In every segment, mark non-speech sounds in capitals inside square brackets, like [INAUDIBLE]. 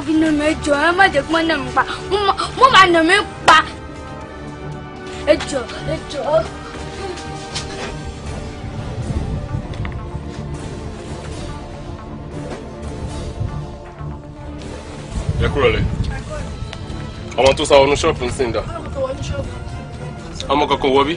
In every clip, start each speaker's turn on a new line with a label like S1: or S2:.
S1: mo fi nà mí ẹjọ ẹ má jẹ kí wọn nà mí pa mo máa nà mí ẹ
S2: kúrò lẹ
S3: ọmọ tó sá wọnú ṣọ́ọ̀bù ń sìn dà ọmọ kankan wọ bí.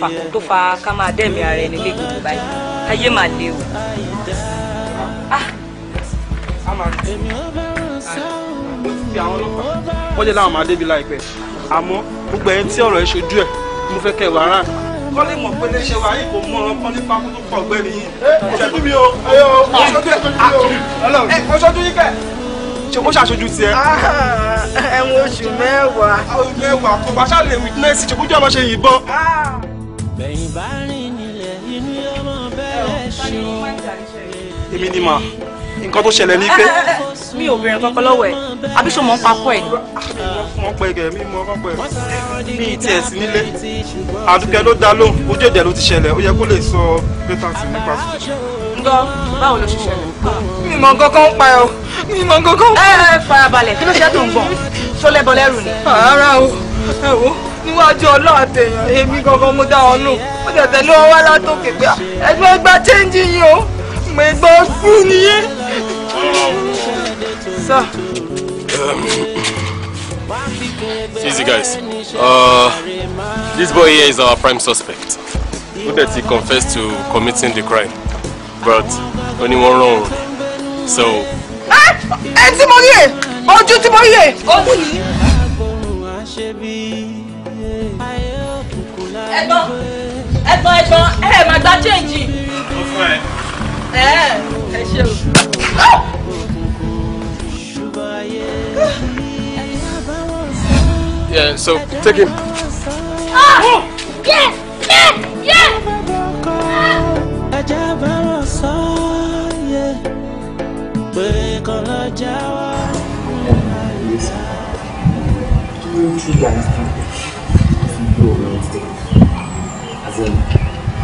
S1: fàkùn tó fa ká máa dẹ́mi ara ẹni lé gbogbo báyìí ayé máa le o. Ah.
S4: wọ́n jẹ́ láwọn máa débi láìpẹ́ àmọ́ gbogbo ẹni tí ọ̀rọ̀ ẹ ṣojú ẹ̀ mo fẹ́ kẹ́ wàá rà kọ́lé mọ̀ pé léṣe wa yìí kò mọ̀ ọ́n nípa kó tó pọ̀ gbẹ́ni yìí. ṣètú mi o ẹyọ ọṣọjú ẹṣọjú mi o ah. Ah. Ọlọ́run ọṣọjú eh, yìí kẹ. ṣe kó ṣàṣojú tiẹ̀. ẹ̀wọ̀n oṣù mẹ́wàá. oṣù mẹ́wàá kò bá ṣáà lè ṣe kó jẹ́ ọmọ ṣe yìnbọn. èmi ni
S5: mà nǹkan
S2: tó ṣẹlẹ̀ ní pé. mi ò bèrè kankan lọ́wọ́ ẹ̀ àbí ṣó mọ̀ ń
S5: papọ̀ ẹ̀.
S4: mọ̀ pẹ́ gẹ̀ mi mọ̀ papọ̀ ẹ̀ mi ti ẹ̀ sí nílé àdúkẹ́ ló dá lóhùn ojú èdè ló ti ṣẹlẹ̀ ó yẹ kó lè sọ bẹ́tà sí nípa
S1: ńgọ́ báwo ló ṣe ṣẹlẹ̀. mi mọ̀ nǹkan ń pa ẹ o mi mọ̀ nǹkan kan. ẹ ẹ farabalẹ̀ kí ló ṣe tó ń gbọ̀n ṣó lẹ́bọ lẹ́rù ni. rárá o ẹ wo níwájú ọlọ́run àtẹ̀yàn èmi gangan mo dá ọ nù ó tẹ̀tẹ̀ ló wá látòkè pé ẹgbẹ́ gba chẹ́ńjì yìí o pé gbọ́ fún
S3: nìyẹn. sir. easy guys uh, this boy here is our prime suspect who that he confessed to committing the crime but only one wrong so.
S6: Ah! ẹ tí mo rí ẹ ojú tí mo rí ẹ ojú yìí. ẹ̀gbọ́n
S1: ẹ̀gbọ́n ẹ̀gbọ́n ẹ máa gba change. ó fún ẹ ẹ
S3: Yeah, so take him.
S7: Ah! Oh! Yeah!
S2: Yeah! That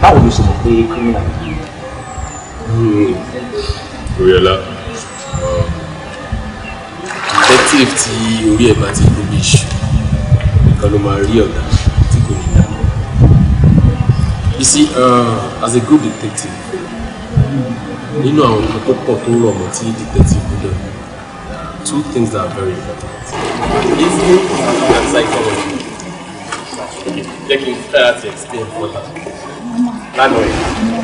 S3: báwo ló ṣe mọ̀ pé criminal yìí Hmm. Um, detective tí orí ẹ̀ bá ti gbóbi iṣu nìkan ló máa rí ọ̀gá tí kò ní dáná.
S7: You see, uh, as a good detective nínú àwọn nǹkan tó
S3: pọ̀ tó rọ̀ mọ́ tí detective gbọ́dọ̀ two things that are very important. Reasoning and psychology. Jẹ́ kí n fẹ́ àti explain further. Lánàá yìí.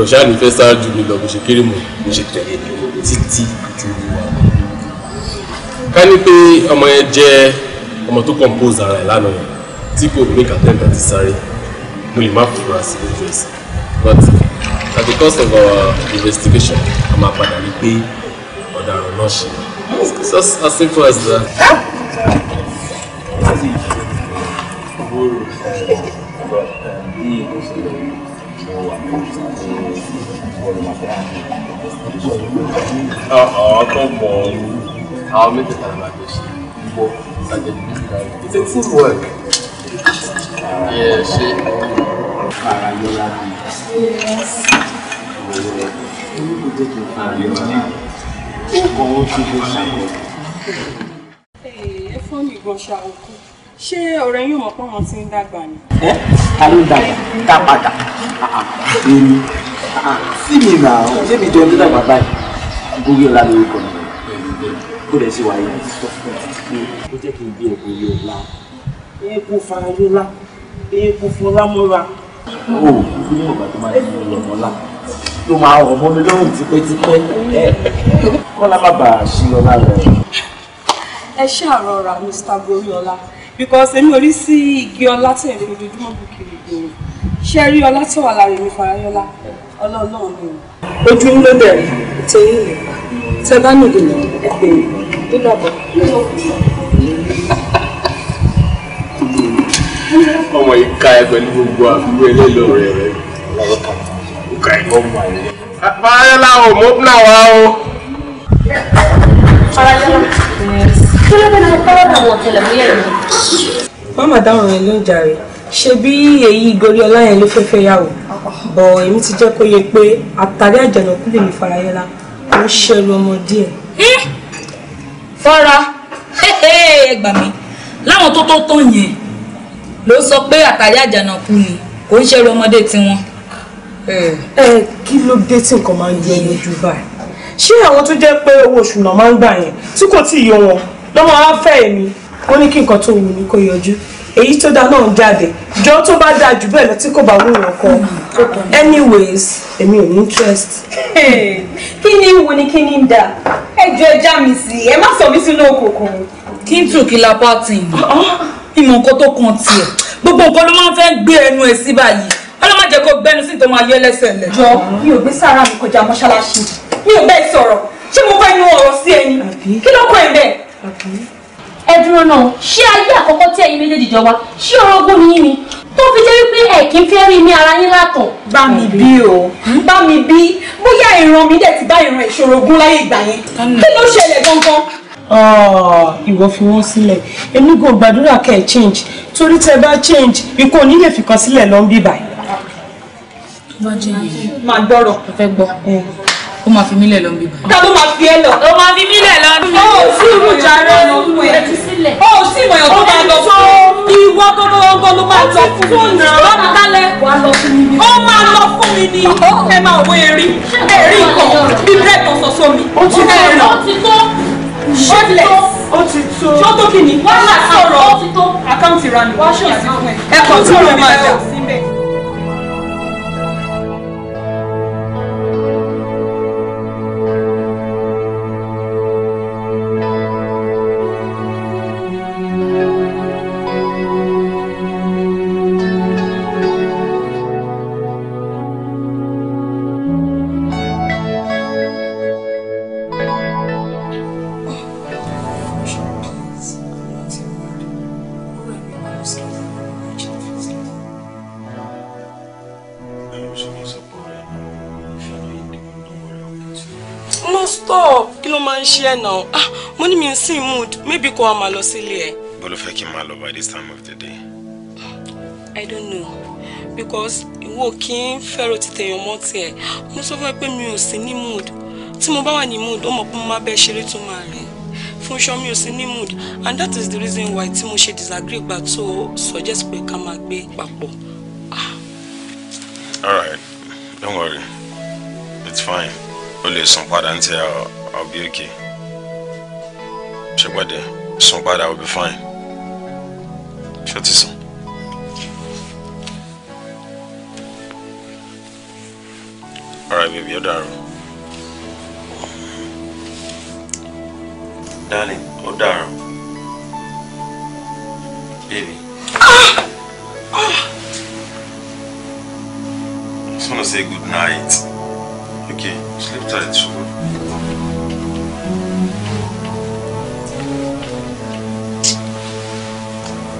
S3: ọ̀ṣà ni fẹ́ ṣáájú mi lọ bó ṣe kéré mọ́ bó ṣe tẹ̀lé mi títí ju ìwà wọn. ká ní pé ọmọ yẹn jẹ́ ọmọ tó compose ara ẹ̀ lánàá yẹn tí kò make attempt àti sáré mo lè má fura sí lójú ẹsẹ̀ but at the cost of our investigation a máa padà rí pé ọ̀daràn náà ṣe it's just as simple as that.
S7: Thank you. Come on. I'll
S3: make it time like this. It's a teamwork. Yeah, shit.
S7: Yes.
S1: Ẹ fún mi gan ṣàwọ̀ Ṣé ọ̀rẹ́ yóò mọ̀ pé wọ́n ti ń dàgbà ni?
S6: Ẹ́ ta ló dàgbà? Dá padà. Ah, ah.
S3: See me now. sí mi doing ó ṣé mi jọ ní dàgbà báyìí gúrí ọlá lórúkọ mi kó dẹ̀ sí wáyé sọ fún mi kó jẹ́ kí n bí ẹ̀kọ́ yóò la
S6: eégún farayó la
S3: eégún fúnra mọ́ra. ó fún yóò bá tó máa di ọmọ la ló máa rọ̀ mọ́ mi lọ́rùn tipẹ́tipẹ́ kọ́lá má she ṣí ọlá rẹ̀.
S1: ẹ ṣáà rọra Mr. Goriola
S5: because èmi ò rí sí igi ọlá tẹ̀
S1: lójoojúmọ́ bù kiri gbòòrò ṣe rí ọlá tó wà lára èmi farayọlá ọlá ọlọ́run mi o. ojú ń ló bẹ̀rẹ̀ tẹ̀yìn mi tẹ bá nìyí ni ẹ pè mí nínú
S7: ọ̀bọ̀.
S3: ọmọ yìí ká ẹ pẹ̀lú gbogbo àbúrò ẹlẹ́lọ rẹ̀ rẹ̀ ó ká ẹ kọ́ mọ́
S5: farayọlá o mo ń nà wá o. farayọlá
S1: kí ló dé náà kọ́ ọ̀dà wọ̀ tẹ̀lẹ̀ mú yẹ̀ mi. má má dáhùn ẹ ló ń jàre ṣebí èyí ìgòrí ọláyẹn ló fẹ́ẹ́ fẹ́yàwó bọ̀ èmi ti jẹ́ kó yẹ pé àtàrí àjànàkú lèmi farayọlá ó ṣẹlú ọmọ díẹ̀. fọ́ra ẹ gbà mí láwọn tó tó tán yẹn ló sọ pé àtàrí àjànàkú ni kò ń ṣẹlú ọmọdé tiwọn. ẹ kí ló dé tí nǹkan máa ń yẹ lójú báyìí ṣé àwọn tó jẹ́ pé owó oṣù náà máa ń gbà yẹn tí kò tí ì yọ wọn lọ́mọ á fẹ́ mi wọ́n ní kí nǹkan tó wù ní kó yọjú èyí tó dáa ń jáde jọ tó bá dáa jù bẹ́ẹ̀ lọ tí kò bá wù wọ́n kọ́ anyways èmi ò ní interest. [LAUGHS] kí ni wù ni kí ni dà ẹ jọ ẹ já mi sí ẹ má sọ mí sínú òkùnkùn. kí n tù kí la bá tì í ìmọ̀ nǹkan tó kan tiẹ̀ gbogbo nǹkan ló máa ń fẹ́ gbé ẹnu ẹ̀ sí báyìí ọlọ́mọ jẹ́ kó gbẹ́nu sí ìtọ́ máa ẹlẹ́sẹ̀ lẹ̀. jọ mi ò gbé sára mi kọjá mọ́ṣáláṣí mi ò bẹ́ẹ̀ sọ̀rọ̀ ṣé mo fẹ́ nu ọ̀rọ̀ sí ẹni kí ló kọ ẹ̀ bẹ́ẹ̀ ẹ dúró náà ṣé ayé àkọ́kọ́ tí ẹ̀yin méjèèjì jọ wá ṣé orogún ni yín ni tó fi jẹ́ wípé ẹ̀ kí n fẹ́ rí ní ara yín látàn. bá mi bí o hmm? bá mi bí bóyá ìran mi dẹ̀ ti bá ìran ìṣòro gún láyé ìgbà yẹn kí ló ṣẹlẹ̀ gangan ìwọ fi wọn sílẹ̀ èmi kò gbàdúrà kẹ́ ẹ̀ change torí tẹ́ bá change ikú òní lè fìkan sílẹ̀ lọ ń bíbà. máa gbọ́rọ̀ fẹ́ gbọ́ ó máa fi mílẹ̀ lọ bí báyìí. ta ló máa fi ẹ lọ. ó máa fi mílẹ̀ lọ bí. ó sì mú jàre ìwé ó sì mọ̀ ẹ̀ tó máa lọ fún ìwọ gbogbo ló máa lọ
S2: fún mi lọ́nà lálẹ́ ó máa
S1: lọ fún mi ni ẹ máa wọ erin erin kan bíbélì kan sọ sómi ẹ̀rọ ó ti tó ó ti tó tó tó kí ni wọ́n máa sọ̀rọ̀ àkáǹtì ranù ẹ kàn
S7: tó rẹ̀ máa dà.
S1: Now, náà ah mo ní mi ń mood
S4: maybe kò wá máa lọ sílé ẹ. bó ló fẹ́ by this time of the day.
S1: I don't know because ìwọ kì í fẹ́ràn ti tèèyàn mọ́ tiẹ̀ mo sọ fún ẹ pé mi ò sí ní mood tí mo bá wà ní mood ó mọ̀ pé mo máa bẹ́ẹ̀ ṣeré tó máa rìn fún mi ò sí ní mood and that is the reason why tí mo ṣe disagree gba tó suggest pé ká máa gbé
S5: papọ̀. Ah.
S4: all right don't worry it's fine Only some sùn padà ní I'll be okay ṣẹgbọn dẹ sùn padà ó bí fine ṣé ti sùn. Alright, baby, you're done. Darling, oh, darling. Baby.
S7: I
S4: just want to say good night. Okay, sleep tight, sugar.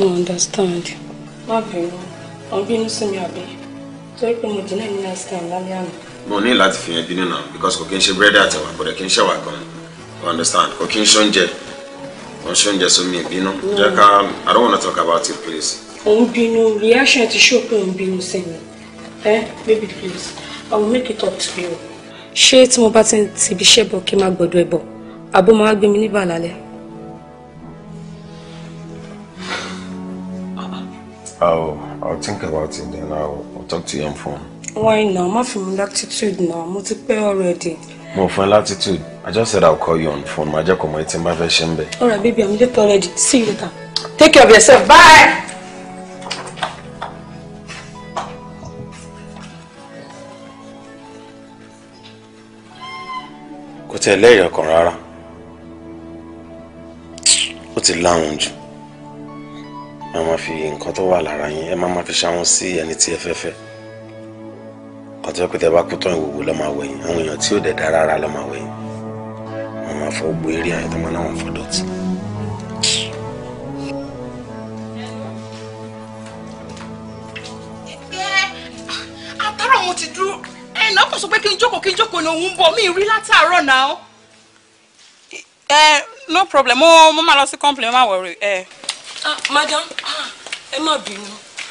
S1: mo understand. má bínú wọn bínú sí mi àbí torí pé mo dínà nínú scam lálẹ́ àná.
S4: mo ní láti fi yẹn bínú náà because kò kí n ṣe búrẹ́dì àtẹ̀wà kò dẹ̀ kí n ṣẹ̀wà gan you understand kò kí n ṣoúnjẹ kò n ṣoúnjẹ so mi bínú jẹ́ ká I don't wanna talk about it please.
S1: òun bínú reaction ti show pé òun bínú sí mi eh baby please I will make it up to you. ṣé tí mo bá ti ti ibi iṣẹ́ bọ̀ kí n máa gbọ́dọ̀ ẹ̀ bọ̀ àbó máa gbé mi ní bàlálẹ́.
S4: I'll, I'll think about it then I'll, I'll talk to you on phone.
S1: Why now? Má fún mi latitude now. Mo ti pẹ́ already.
S4: Mo fún latitude. I just said I'll call you on phone. My job, kó mọ̀ tí n bá
S1: All right baby, I'm late already. See you later. Take care of yourself. Bye.
S4: Kò tẹ̀ lẹ́yìn ọkàn rárá. Ó ti láwọn jù ẹ máa fi nǹkan tó wà lára yín ẹ máa máa fi ṣàwọn sí ẹni tí ẹ fẹ́ fẹ́ kàn tó yẹ pé tẹ bá kú tán ìwòwò lọ́ máa wẹ̀yìn àwọn èèyàn tí ò dẹ̀ dá rárá lọ́ máa wẹ̀yìn wọ́n máa fọ gbogbo eré àyẹ̀tọ́ máa náwọn fọ dọ̀tí.
S1: àtàrà mo ti dúró ẹ̀yìn náà kò sọ pé kí n jókòó kí n jókòó ní òun bọ̀ mí rí látàárọ̀ náà. ẹ no problem mo mo máa lọ sí complain má wọrí ẹ. Eh. Ah, madam ah, ẹ má bínú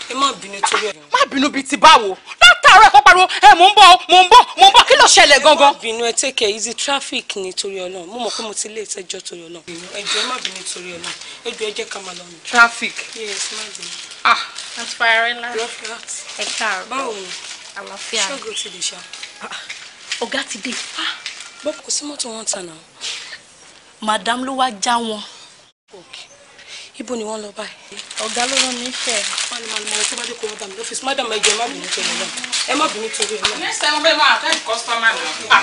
S1: ẹ má bínú torí ẹ. má bínú bíi ti báwo látàárọ̀ ẹ̀kọ́ pariwo ẹ mò ń bọ̀ mò ń bọ̀ mò ń bọ̀ kí ló ṣẹlẹ̀ gangan. má bínú ẹ take it easy traffic ni torí Ọlọ́run mo mọ̀ pé mo ti lé ìtẹ́jọ́ torí Ọlọ́run ẹjọ́ ẹ má bínú torí Ọlọ́run ẹjọ́ ẹ jẹ́ ká máa lọ nù. traffic. yes má bínú. ah aspirella. rough ẹ káàárọ̀. báwo ni àlàáfíà ni ṣọ́gò ti dè ṣá. Ah, ọ̀gá ti dé. bọ́ọ̀kù sí mọ́tò wọn tàn náà. madam ló wá já wọn. okay ibo ni wọ́n lọ báyìí. ọ̀gá ló rán mi iṣẹ́. wọ́n ní màá lọ tó bá kó wọ́n bá mi lọ́fíìsì má dàmú ẹjọ́ má bínú torí ẹ̀ ẹ má bínú torí ẹ̀ náà. next time ọbẹ̀ máa fẹ́ kọ́sítọ́mà náà.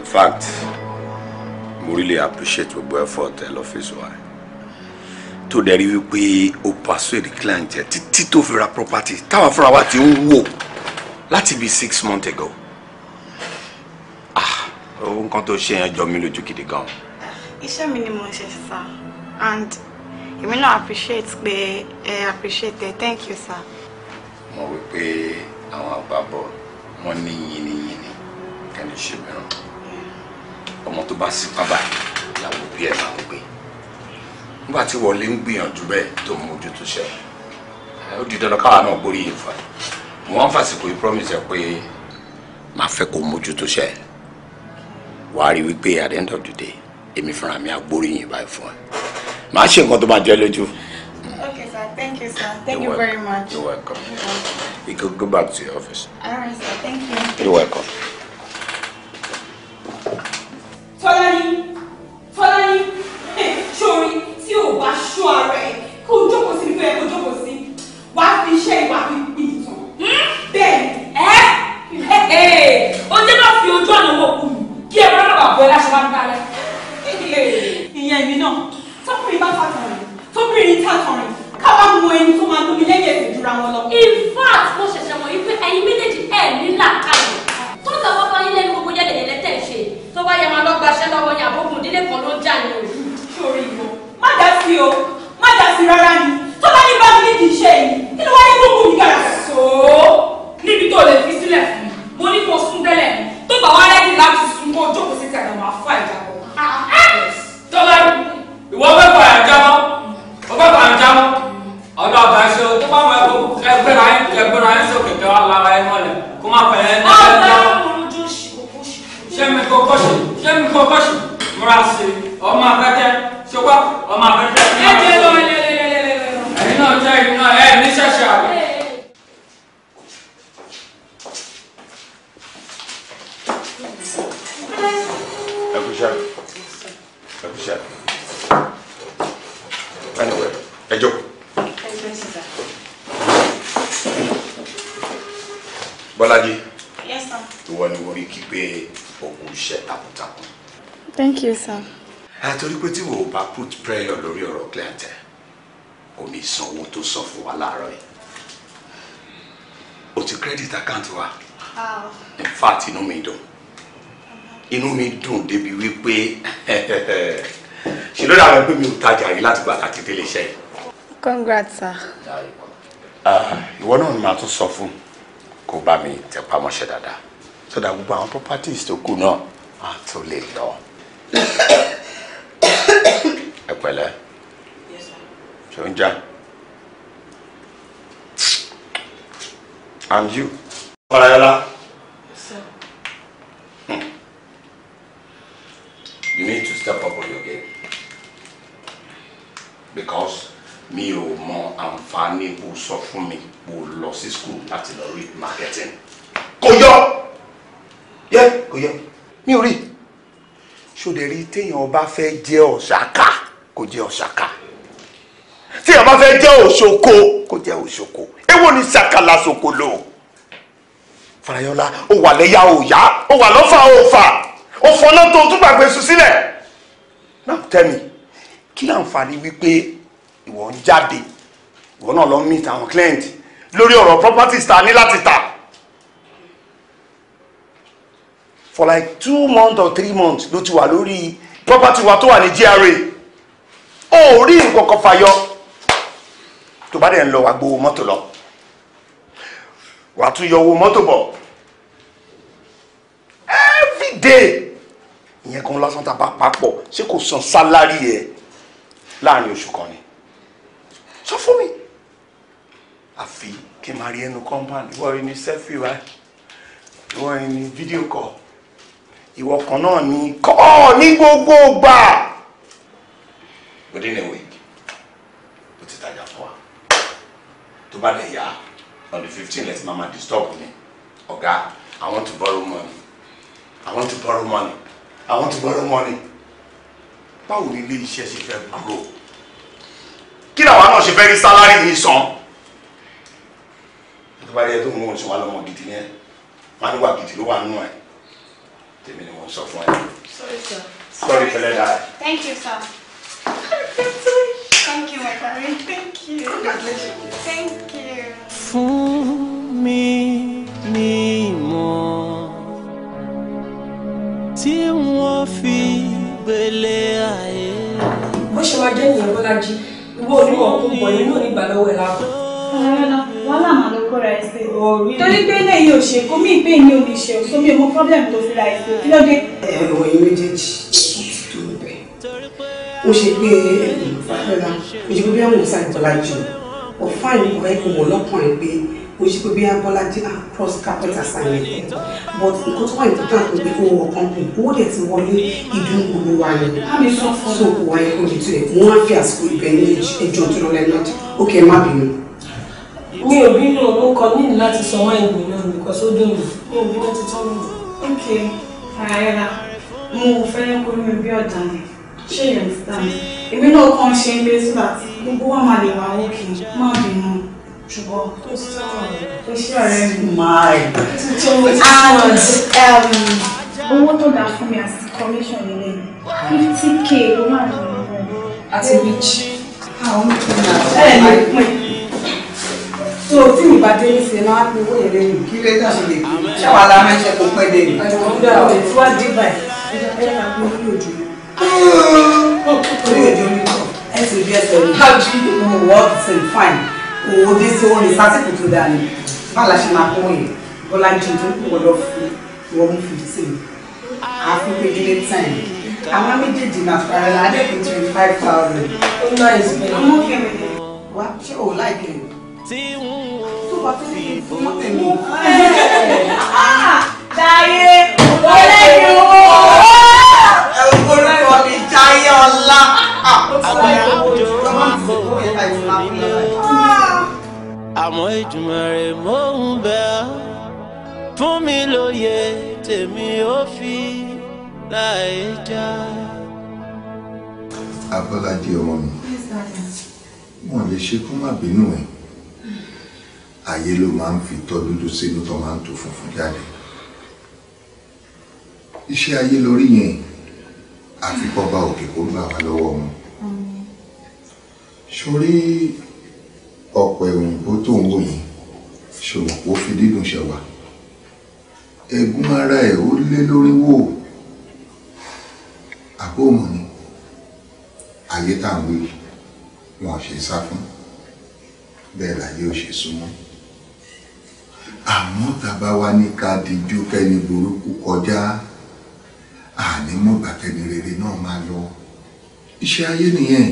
S4: in fact mo really
S5: appreciate gbogbo effort ẹ lọ́fíìsì wa tó dẹ̀rí wípé o persuade client ẹ títí tó fi ra property táwa fúnra wa ti ń wò láti bíi six months ago ah nǹkan tó ṣe yẹn jọ mí lójú gidi gan-an
S1: iṣẹ́ mi ni mo ṣe sá and èmi náà appreciate pé ẹ appreciate ẹ thank you sir.
S5: mo wí pay our àgbàbọ money, ní yìnyínyìnyín Can you mìíràn me tó bá sí pábà làwọn òbí ẹ máa ń gbé nígbà tí wọlé ń gbìyànjú bẹ́ẹ̀ tó to tó ṣe ó di dandan káwa náà gbórí yìí fún ẹ mo wá ń fàsìkò promise ẹ pé màá fẹ́ kó mójú tó ṣe wàá rí wípé at the end of the day èmi fúnra mi agbóríyìn báyìí fún ẹ màá ṣe nǹkan tó máa jẹ lójú.
S1: okay sir thank you sir thank you very much. you're
S5: welcome you can go back to your office.
S1: Alright, sir thank you.
S5: you're
S8: welcome.
S1: Fọláyín Fọláyín ṣorí tí ò bá ṣọ́ ara ẹ̀ kó o jókòó sí ibi tó yẹ kó o jókòó sí wàá fi iṣẹ́ ìwà fi pin ìtàn. Hmm? bẹ́ẹ̀ ẹ́ ó dé náà fi ojú ọ̀nà wọ̀ kù kí ẹ̀rọ náà bàbá ẹ láṣọ wá ń bá a lẹ́yìn ìyá èmi náà tọkùnrin bá fàkànrin tóbìnrin tàkànrin káwá mú ẹni tó máa lómi lẹ́yìn ètò ìdúrà wọn lọ. in fact mo ṣẹ̀ṣẹ̀ mọ̀ wípé ẹ̀yin méjèèjì ẹ̀ nílà káyọ̀ tó ń sọ fọ́fọ́ yín lẹ́nu gbogbo jáde lẹ́tẹ̀ ṣe tó bá yẹ máa lọ gbaṣẹ́ lọ́wọ́ ní àbókùn ìdílé kan ló ń jà ní òru. sori ìwọ má dá sí o má dá sí rárá ni tó bá ní bá mi nídìí iṣẹ́ yìí kí ló wá ní gbogbo mi gàrà sóó níbi tó lè fi sílẹ̀ fún mi mo ní kó sún tẹ́lẹ̀ tó bá wá rẹ́dí láti sún kó jókòó sí tàgbà máa fà ìjàpọ̀ tọ́lá ìwọ fẹ́ pa ẹ̀já mọ́ o fẹ́ pa ẹ̀já mọ́ ọ̀dọ̀ ọ̀gá ṣe o tó bá wọn ẹgbẹ́ ra ẹ̀ ẹgbẹ́ ra ẹ̀ ṣe òkèké wa lára ẹ̀ mọ́lẹ̀ kó má pẹ̀lẹ́ ẹ̀ ẹ̀ ẹ̀ ṣé mi kò kọ́ṣì ṣé mi kò kọ́ṣì múra sí
S5: ọmọ abẹ́tẹ́ ṣe wá ọmọ abẹ́tẹ́. ẹ jẹ́
S1: lọ lẹ́lẹ́lẹ́lẹ́lẹ́. ẹ̀yin
S5: náà jẹ́ ẹ̀yin náà ẹ̀ ní ṣẹ̀ṣẹ̀ àgbẹ̀.
S1: Thank you, Sheriff. Abisha. Anyway,
S5: ẹ jókòó. Bọ́lájí. Yes, sir. Ìwọ ni wọ́n rí kí pé òkú iṣẹ́ takuntakun. Thank you, sir. Àtòrí pé tí wò ó bá put prayer lórí ọ̀rọ̀ clientele, kò ní sanwó tó sọ fún wa láàárọ̀ yìí. O ti credit account wa. Wow. Ah. In fact, inú mi dùn inú mi dùn débi wípé [LAUGHS] ṣe ló dàbẹ pé mi ò tajà rí láti gbà láti délé iṣẹ́
S1: congrats sir.
S5: Ah, ìwọ náà ni màá tún sọ fún kó bá mi tẹpá mọ́ṣẹ́ dáadáa sọdà gbogbo àwọn properties tó kù náà á tó lè lọ. [COUGHS] ẹ pẹ̀lẹ́ ṣe ń já. and you. Ọ̀rẹ́lá. you need to step up on your game because me or mọ àǹfààní kó sọ fún mi kó lọ sí school láti lọ read marketing kò yọ yẹ kò Should mi retain your ṣòdẹ̀rí téèyàn bá fẹ́ jẹ́ ọ̀ṣàkà kò jẹ́ ọ̀ṣàkà téèyàn bá fẹ́ jẹ́ òṣòko kò jẹ́ òṣòko èwo shaka ṣàkàlà ṣòkòlò farayọlá ó wà lẹ́yà òòyà ó wà lọ́fà òòfà ó fọná tó tún gbàgbé sùn sílẹ̀ now tell me kí láǹfààní wípé ìwọ ń jáde ìwọ náà lọ meet àwọn client lórí ọ̀rọ̀ property ta ní láti tà for like two months or three months ló ti wà lórí property wa tó wà ní GRA ó rí nǹkan kan fàyọ tó bá dẹ̀ ń lọ wá gbowó mọ́tò lọ wàá tún yọ owó mọ́tò bọ̀ every day ìyẹn gan lásán tá a bá papọ̀ ṣé kò san sálárì ẹ láàrin oṣù kan ni sọ fún mi àfi kí n máa rí ẹnu compound ìwọ yìí ni selfie wa ìwọ yìí ni video call ìwọ kan náà ni kọ́ ní gbogbo gbà. within a week ó ti tajà fún wa tó bá lè yá on the fifteen let mama disturb me ọ̀gá i want to borrow money i want to borrow money I want to borrow money báwo ni ilé iṣẹ́ ṣe fẹ́ gbòòrò kí làwọn náà ṣe fẹ́ rí sálárì yìí san tó bá rí ẹ tó ń wọ́n sọ wá lọ́mọ gidi yẹn wọ́n á ní wà gidi ló wà nínú ẹ̀ tèmi ni wọ́n sọ fún ẹ. sorry sir. sorry pẹ̀lẹ́ dáa.
S1: thank you sir. thank you my darling thank you. congratulations.
S2: thank you. fún mi.
S1: fẹ́ yẹn Bọ́lájí ìwọ onímọ̀ kún bọ̀ yẹn náà nígbà lọ́wọ́ ẹ̀ láàbọ̀. wàhálà màá ló kóra ẹ sí. torí pé ilé yìí ò ṣe kó mí ìpè ní omi ṣe òṣó mi ò mọ problem tó fi ra ẹsẹ kí ló dé.
S6: ẹ̀rọ ẹ̀yìn méjèèjì tó ń bẹ̀ ó ṣe pé ẹ̀yìn fàfẹ́ra ìjọba bí wọ́n mú sáà Bọ́lájí ọ̀fáà
S1: ní ọ̀rẹ́ kò mọ̀ lọ́kùnrin pé kò ṣe pé bí abọ́lájí across capital side
S6: but nǹkan tó wà important pé owó ọ̀kan pè owó dẹ̀ ti wọlé ìdúnnú ló wà ní. àmì sọ fún so kò wáyé kó di tiẹ̀ wọ́n á fi àsìkò ibẹ̀ ní ẹjọ́ tó lọ́lẹ̀ náà ó kẹ́ ẹ má bínú.
S1: mi ò bínú mo kọ ní láti san wá ìgbì náà nìkan sódò mi mi ò bínú ti tán mi. ok rárá mo fẹ́ kó mi bí ọ̀daràn ṣé yẹn ti dá mi. èmi náà kàn ṣe ń gbé síbà tí gbogbo wa máa lè wà ó kì í má bínú ṣùgbọ́n iṣẹ́ rẹ̀ máa and um, owó tó dà fún mi as commission nílé fifty k ló máa ń lò àti which
S7: àwọn ẹ lè pín so tí mi bá dé níṣẹ́ máa ń owó yẹn lẹ́yìn kí lè dà ṣe lè pín ṣáwa la máa
S6: ń ṣe kó pẹ́ dé ní. àjọ̀wọ́ ń dára ọ̀rẹ́ tí wàá dé báyìí ẹ ká pín orí òjò orí òjò mi kọ ẹ sì bí ẹsẹ̀ mi. how do you know what is fine kò dé sí orin sásìkò tó dáa ni báwo la ṣe máa kó yẹn bọ́lájì tó ń pọ̀ lọ fún wọn mú fìdí sí mi àfikún ilé time àwọn méjèèjì náà fara la adẹ́kùn twenty five thousand ó ná ìsúnmọ́ ọmọ kẹrin wa ṣé o láì kẹrin tó bá tó ní fún mọ́tẹ̀ mi.
S1: Jaiye
S6: olóyè o. ẹ orúkọ mi Jaiye
S1: Ọlá.
S2: Ah! àmọ́ Èdùmàrè mò ń bẹ̀ ọ́ fún mi lóye tèmi ó fi láì já.
S8: Abọ́lájí ọmọ mi wọn lè ṣe kó má bínú ẹ ayé ló máa ń fi tọ́ dúdú sínú tó máa ń tó funfun jáde iṣẹ́ ayé lórí yẹn àfikọ́ bá òkè kó gbà wá lọ́wọ́ wọn sórí ọ̀pẹ òyìnbó tó ń wò yìí ṣòwò fi dídùn ṣẹ̀wà ẹ̀gún ara ẹ̀ ó lé lórí wò àbóòmù ni ayé tá à ń wí wọn ṣe sá fún bẹ́ẹ̀ láyé ò ṣe súnmọ́ àmọ́ tàbá wa ní ká dijú kẹ́ni burúkú kọjá àní mọ̀ bàtẹ́ni rere náà máa lọ iṣẹ́ ayé nìyẹn.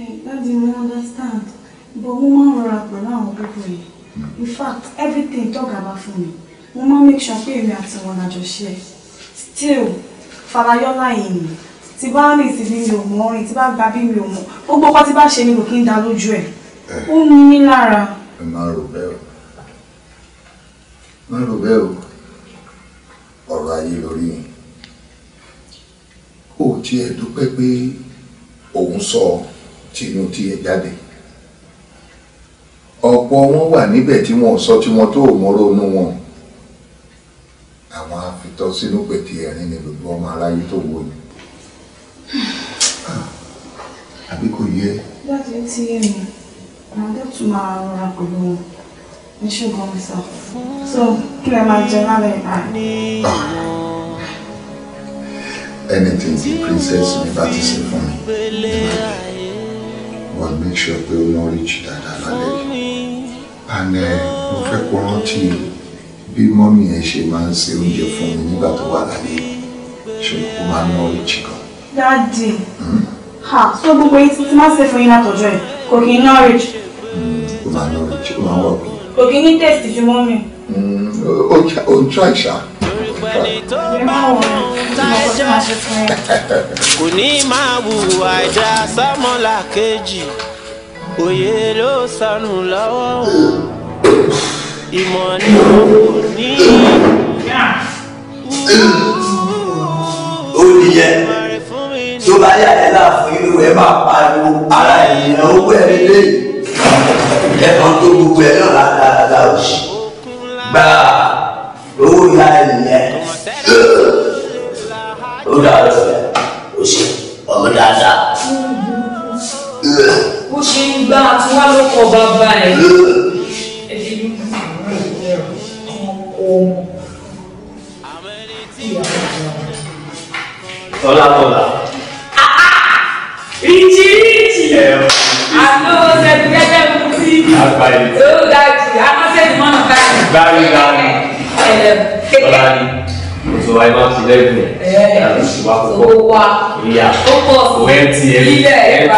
S1: ẹ gbọ́dọ̀ mi understand. But mo máa ń rọra pẹ̀lú àwọn in fact everything tọ́gà about for me. mo make sure pé èmi àti one àjọ just é still farayọ́lá yìí ni Tiba bá rìn tí bí mi ò mọ̀ rìn tí bá gba bí mi ò mọ̀ gbogbo ọkọ tí bá ni kò kí ń da lójú ẹ̀ eh. ó ní mí
S2: lára.
S8: ẹ máa rò bẹ́ẹ̀ o máa rò bẹ́ẹ̀ o ọ̀rọ̀ ayé lórí ni ó tiẹ̀ dúpẹ́ pé òun sọ tinú tiẹ̀ jáde ọ̀pọ̀ wọn wà níbẹ̀ tí wọn ò sọ tí wọn tó mọ́rọ́ inú wọn àwọn afitọ́ sínú pẹ̀tì ẹ̀rín ni gbogbo ọmọ aráyé tó wò ni ah, àbí kò yẹ. dájú tí
S1: èmi àwọn dókítà máa rọra pẹ̀lú wọn ṣùgbọ́n mi sọ so kí lè máa jẹ lálẹ́ ìgbà. Ah. Ah.
S8: anything the princess mi bá ti ṣe fún mi wa make sure pé ó náà reach dáadáa lálẹ́ and eh, mo fẹ́ kó rántí bí mọ́mí ẹ ṣe máa ń se oúnjẹ fún mi nígbà tó wà lálẹ́ ṣùgbọ́n ó máa náà ríjì gan.
S1: dáàdì hmm? ha so gbogbo yìí ti máa ń ṣe fún yín látọjọ́ ẹ kò kì í náà ríjì.
S8: ó máa náà ríjì ó máa ń wọ̀ pé.
S1: kò kì í ní tẹ̀sí ju mọ́mí.
S8: Hmm, ó ń tra ìṣá
S1: pẹ̀lú tó bá wọn ta ẹja
S2: kò ní máa hùwà ìdá sámọ́là kejì òye ló sọnù
S7: lọ́wọ́ ìmọ̀ ni mo kò ní.
S6: ó nìyẹn tó bá yà ẹ́ láàfin irú ẹ máa pariwo ara ẹ̀yìn náà ó wẹ̀ nílé ẹ̀kan tó gbogbo ẹ̀ náà
S1: ṣe ń gbá tí wọ́n ló kọ bàbá ẹ̀. Tọ́lá tọ́lá. Ìjì ìjì. Àná ọ̀sẹ̀ gẹ́gẹ́ mú
S7: sí.
S3: Àgbáyé. Ó
S1: ga àná ọ̀sẹ̀ ìmọ̀nà
S5: báyìí.
S3: Báyìí báyìí. Tọ́lá ni so i ma ti eleven yàrá oṣù wa
S1: kọ́kọ́ ìyá o ẹtì ẹ ẹtì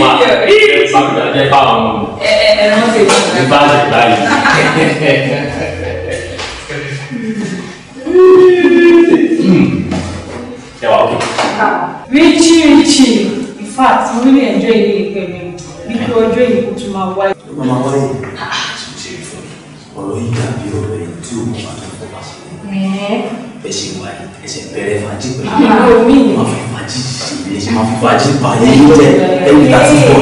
S1: wa ẹtì
S3: wa ẹ bá wọn mú
S1: ní
S3: báyìí báyìí.
S1: ẹ wà ókè. richie richie in fact mo really enjoy ilé ìpè mi wípé ọjọ́ yìí kò tún máa wáyé.
S7: ó máa wáyé ọ̀rọ̀ yìí dàbí ọ̀rọ̀ yìí tí ó mọ̀ máa tó kọ́ bá sí
S3: bẹ́ẹ̀ ṣe wà yìí ẹsẹ̀ bẹ̀rẹ̀ fàájì pẹ̀lú ah, máa fi fàájì ṣèlè máa fi fàájì báyé jẹ ẹni láti bọ̀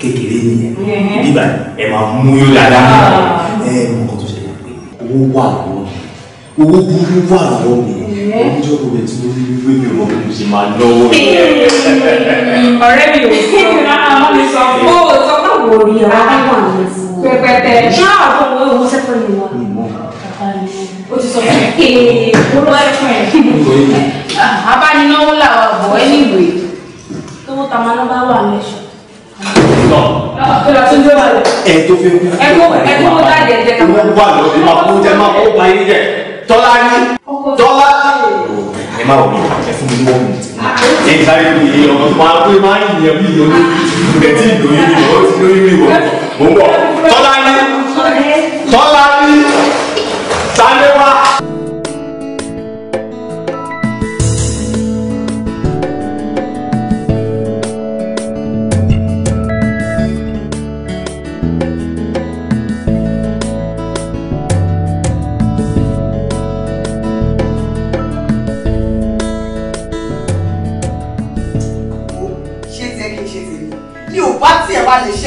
S3: kékeré nìyẹn bíbá ẹ máa mú yóò dáadáa ah. ẹ mọ ọkọ tó ṣẹlẹ̀ pé owó wà lọ́wọ́ mi owó burú wà lọ́wọ́ mi oúnjẹ ọ̀rọ̀ tí mo rí wípé mi ò mọ bí mo ṣe máa
S7: ọ̀rẹ́ mi ò sọ fún [LAUGHS] ọ ah, sọ fún àwọn òbí ọ̀rọ̀ àwọn àmì fún pẹpẹtẹ ṣé àwọn
S1: òun ṣẹ́fọ́ ni wọn sọ pé boyfriend abánináwó làwọn àbọ̀ anyway owó ta máa ń bá wà lẹ́sọ̀.
S5: ẹ tó fi kú. ẹ kó ẹ kó mo jáde ẹ
S6: tọ́lá ní tọ́lá ní tọ́lá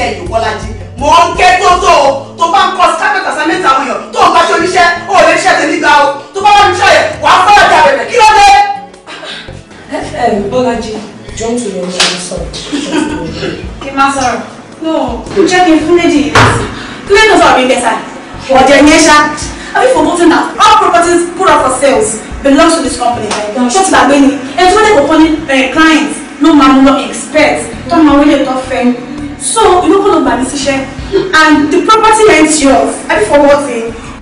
S6: oníṣẹ́ ìlú Bọ́lájí mò ń ké tó tó o tó bá ń kọ scarlet assignment àwọn èèyàn tó ń bá ṣe oníṣẹ́ ó lè ṣe tèmi gba o tó bá wà níṣẹ́ yẹn wàá fọlọ́ jà rẹ̀ kí ló
S1: dé. Bọ́lájí john tó lè máa sọ̀rọ̀. kí máa sọ̀rọ̀ no jẹ́ kí n fún méjì yìí lẹ́sìn kílẹ̀ tó sọ̀rọ̀ mi bẹ́sà ọ̀jẹ̀ ní ẹ̀ṣá have you forgotten that all properties put up for sales belongs to this company ṣé ti gbàgbé ni ẹ̀ tí wọ́n dẹ̀ kò kọ́ ní eh, clients ló máa ń lọ expect tó máa wọlé tó fẹ́ so you don't know gbà mí síṣẹ́ and the property ain't yours àbí for what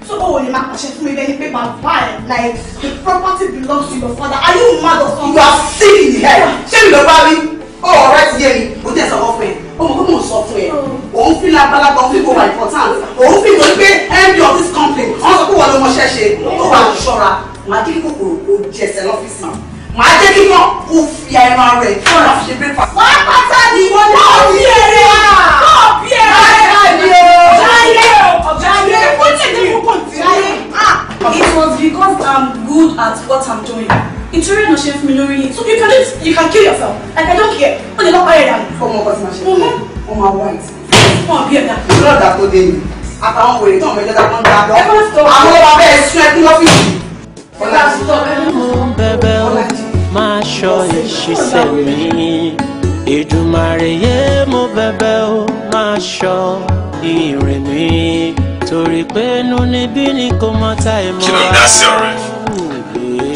S1: so o ò lè máa pàṣẹ fún any bẹ́ẹ̀ ni like
S6: the property belongs to your father are you mad or something. you are sick in the head ṣé mi ló bá rí ó ọ̀rẹ́ ti yé mi mo tẹ̀ sọ́kọ́ fún ẹ ó feel like mò ń sọ fún ẹ òun fi labalábá òun pay gbogbo important òun fi mọ̀ pé end of this complaint wọ́n sọ pé wọ́n to mọṣẹ́ ṣe ó wà ní ṣọ́ra màá kí kòkòrò kò jẹsẹ̀ lọ́fíìsì màá jẹ́ kí wọ́n kó fi ẹran ara ẹ̀ tí wọ́n lọ fi ṣe breakfast. wàá pátá ni ìwọ ni wọ́n bí ẹrẹ náà bí ẹrẹ jáde o
S1: jáde o jáde o kò tètè mú kò It was because I'm good at what I'm doing. Nítorí náà ṣe fún mi lórí yìí. So you can just you can kill yourself. Like I don't care.
S6: Ó lè lọ́pàá ẹ̀dá. Fọmọ ọkọ tí màá ṣe fún mi. Ọmọ àwọn àìsàn. Fún ọbí ẹ̀dá. Ìlọ́dà tó dé mi. Àtàwọn wèrè tó ọmọ ìjọba tó ń dá lọ. Àwọn ọba bẹ́ẹ̀ sún ẹkún lọ́fíìsì. Ọlá ti tọ́ ẹ
S2: máa ṣọ́ ìṣiṣẹ́ mi Èdùmàrè mo bẹ̀bẹ̀ o máa ṣọ́ ìrìn mi torí pé inú níbí ni kò mọ ta ìmọ̀ wa. kí ló ń dá sí ọ̀rẹ́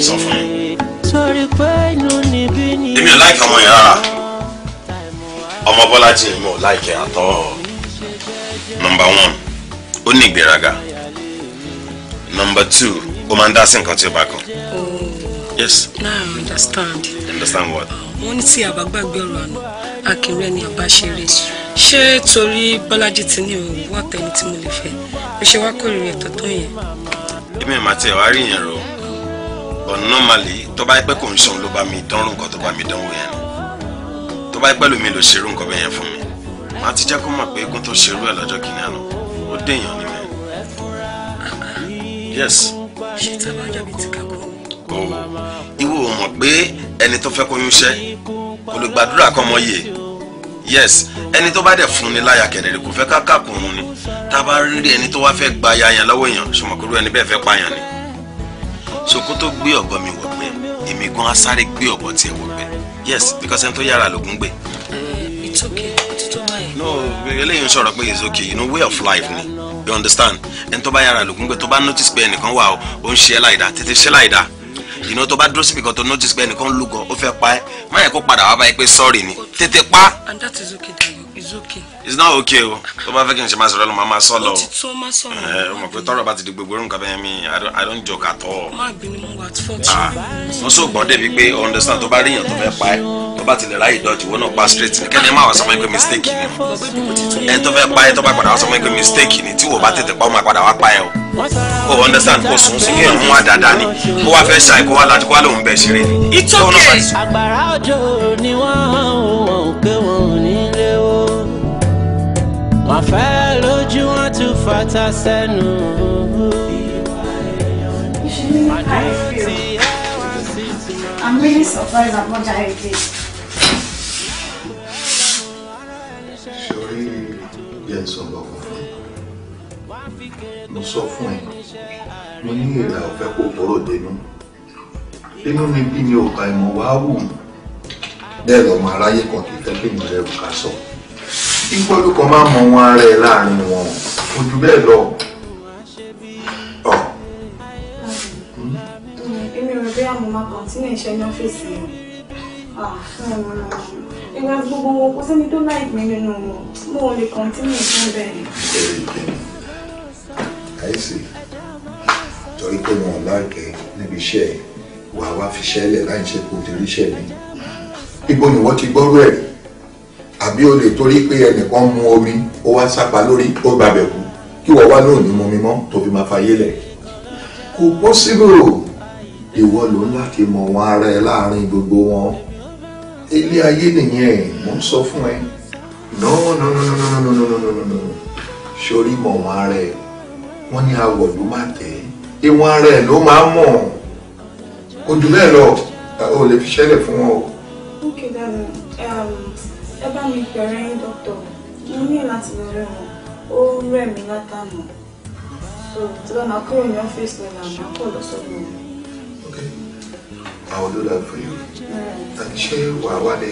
S2: sọ torí pé inú níbí ni. èmi ò láìka ọmọ yẹn rárá
S4: ọmọ Bọ́lájí mi ò láìkẹ́ àtọ́ nọmba one ó ní ìgbéraga nọmba two ó máa ń dá sí nǹkan tí ó bá kàn yes.
S1: now ah, i understand. understand what. wọ́n ní tí àbágbàgbé ọ̀rọ̀ àná akínrẹ́ ni I ṣé torí bọ́lájí ti ní òwú àtẹni tí mo lè fẹ́ ló ṣe wá kórìíra ẹ̀tọ́ tó yẹn.
S4: èmi àmà tí ẹ wá rí yẹn rò but normally tó bá pẹ́ kò ń sọ̀rọ̀ ló bá mi dánrù nǹkan tó bá mi dánwò yẹn ni tó bá pẹ́ lómi ló ṣerú nǹkan bẹ́ẹ̀ yẹn fún mi màá ti jẹ́ kó mọ̀ pé egun tó ṣerú ẹ̀ lọ́jọ́ kìíní àná ó dèèyàn ni mẹ́ ah, ah. yes.
S3: ṣé tábàjọ́ bíi ti kàkó
S4: o ìwọ ò mọ̀ pé ẹni tó fẹ́ kóyún ṣẹ́ kò lè gbàdúrà kọ́mọ yè yes ẹni tó bá dẹ̀ fún ni láyà kẹ̀dẹ̀rẹ̀ kò fẹ́ káká ni tá a bá rí ẹni tó wá fẹ́ gba aya yẹn lọ́wọ́ èèyàn sọmọkúrú ẹni bẹ́ẹ̀ fẹ́ pààyàn ni sokó tó gbé ọ̀bọ mi wọ̀gbẹ́ èmi gan á sáré gbé ọ̀bọ tiẹ̀ wọ̀gbẹ́ yes because ẹni tó yára lògùn gbé. it's okay no eléyìí ń sọ̀rọ̀ pé it's okay you know way of life ni you understand ẹni tó bá yára lògùn gbé tó bá notice pé ẹnìkan wà ó ń ṣe ẹ́ láìda tètè ṣe láìda ìnáwó tó bá dúró síbi kan tó notice pé ẹnìkan lúgọ ó fẹ́ pa ẹ́ má kó padà wá báyìí pé sorry ni tètè pa.
S1: and that is okay dayo it's okay.
S4: it's not okay o tó bá fẹ́ kí n ṣe máa sọ̀rọ̀ ló máa máa sọ lọ. o ti
S7: tún máa sọ̀rọ̀. ẹ
S4: ẹ mọ̀ pé tọrọ bá ti di gbogbo orúkọ bẹ́ẹ̀ mi i don't joke at all.
S7: má bínú mo wà fọ́ tí.
S4: wọ́n sọ gbọ́n débi pé understand tó bá rí èèyàn tó fẹ́ pa ẹ́ tó bá tilẹ̀ ráyè dọ́jú wọn náà pa straight ni kẹ́ni ẹ má wá sọ fún mi pé mistake ni ẹ tó fẹ́ pa ẹ tó bá padà wá sọ fún mi pé mistake ni tí wò bá tètè pa ó máa padà wá pa ẹ o o understand kò sùn sí kí ẹ̀ ń wá dáadáa ni kó wá fẹ́ ṣàì kó wá lajú kó wá lóun bẹ̀ ṣeré ni. it's okay. agbára òjò ni wọ́n ò pé
S2: àfẹ́ lójú wọn tún fata sẹ́nu.
S7: I'm really surprised at what I did. Ṣorí yẹn sọ lọ́kọ̀ fún ẹ. Mo sọ fún ẹ, mo ní ìlà ọ̀fẹ́ kò gbọ́rọ̀ dénú.
S8: Inú mi bí mi ò ka ìmọ̀ wá wù. Bẹ́ẹ̀ lọ́mọ aráyé kan kì í fẹ́ pé ìmọ̀ rẹ̀ ò ká sọ ìgbọ́dú kan máa mọ wọn ara ẹ̀ láàrin wọn ojú bẹ́ẹ̀ lọ.
S1: Hmm? Hmm. èmi rẹ̀ bí àmọ́ máa kọ̀ǹtínú iṣẹ́ ní ọ́fíìsì mi ìgbà ah, gbogbo wọn kò sẹ́ni tó láì pín nínú wọn mo ò lè kọ̀ǹtínú iṣẹ́ bẹ́ẹ̀.
S8: àìsí torí pé wọn ò láàgẹ̀ níbi iṣẹ́ wàá wá fi ṣẹ́lẹ̀ láì ṣe kó o ti ríṣẹ́ mi ibo ni wọ́n ti gbọ́rọ̀ ẹ̀rí àbí o lè torí pé ẹnìkan mu omi ó wá sápa lórí ó gbàbẹ̀ kú kí wọ́n wá lónìí mu mi mọ́ tó fi máa fayé lẹ̀ kò pọ́sibò ìwọ ló ń láti mọ̀ wọn ara ẹ láàrin gbogbo wọn ilé ayé nìyẹn mò ń sọ fún ẹ no no no no no no no no no no sórí mọ̀ wọn ara ẹ wọ́n ní awọ̀ ló
S1: ẹ mi bẹ̀rẹ̀ yín dọ́tọ̀ mo ní láti lọ rẹ̀ wọ́n ó rẹ̀ mí látànà so tí bá máa kúrò ní ọ́fíìsì mi náà máa pọ̀ lọ́sọ̀gbọ̀n mi. okay
S8: I will do that for you. ṣé wàá wá lè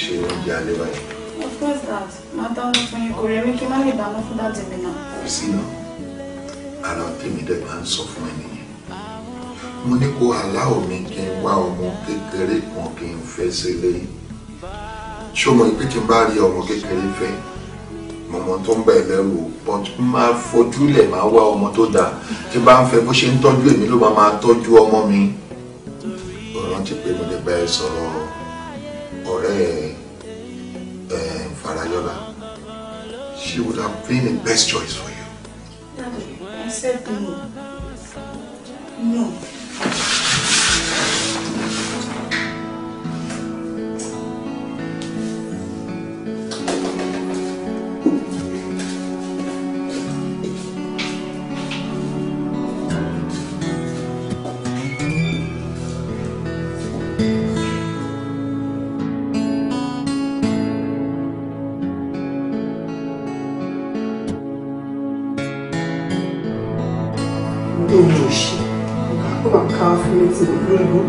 S8: ṣe oúnjẹ alẹ́ báyìí. of
S1: course that máa dáná fún yín kò rẹ̀ mí kí n má lè dáná fún dáàdì mi náà. kò
S8: sí náà ara tèmi dẹ̀ máa ń sọ fún ẹni yẹn mo ní kó aláwọ̀ mi kí n wá ọmọ kékeré kan kí n fẹ́ sílé yìí ṣé o mọ̀ pé tí n bá rí ọmọ kékeré fẹ́ mọ̀mọ́ tó ń bẹ̀ lẹ́rù but máa fojúlẹ̀ máa wá ọmọ tó dáa tí bá ń fẹ́ bó ṣe ń tọ́jú èmi ló máa tọ́jú ọmọ mi ó rántí pé mo lè ẹ sọ̀rọ̀ ọ̀rẹ́ ẹ Farayọlá she would have been the best choice for you.
S1: Daddy, I said no. No.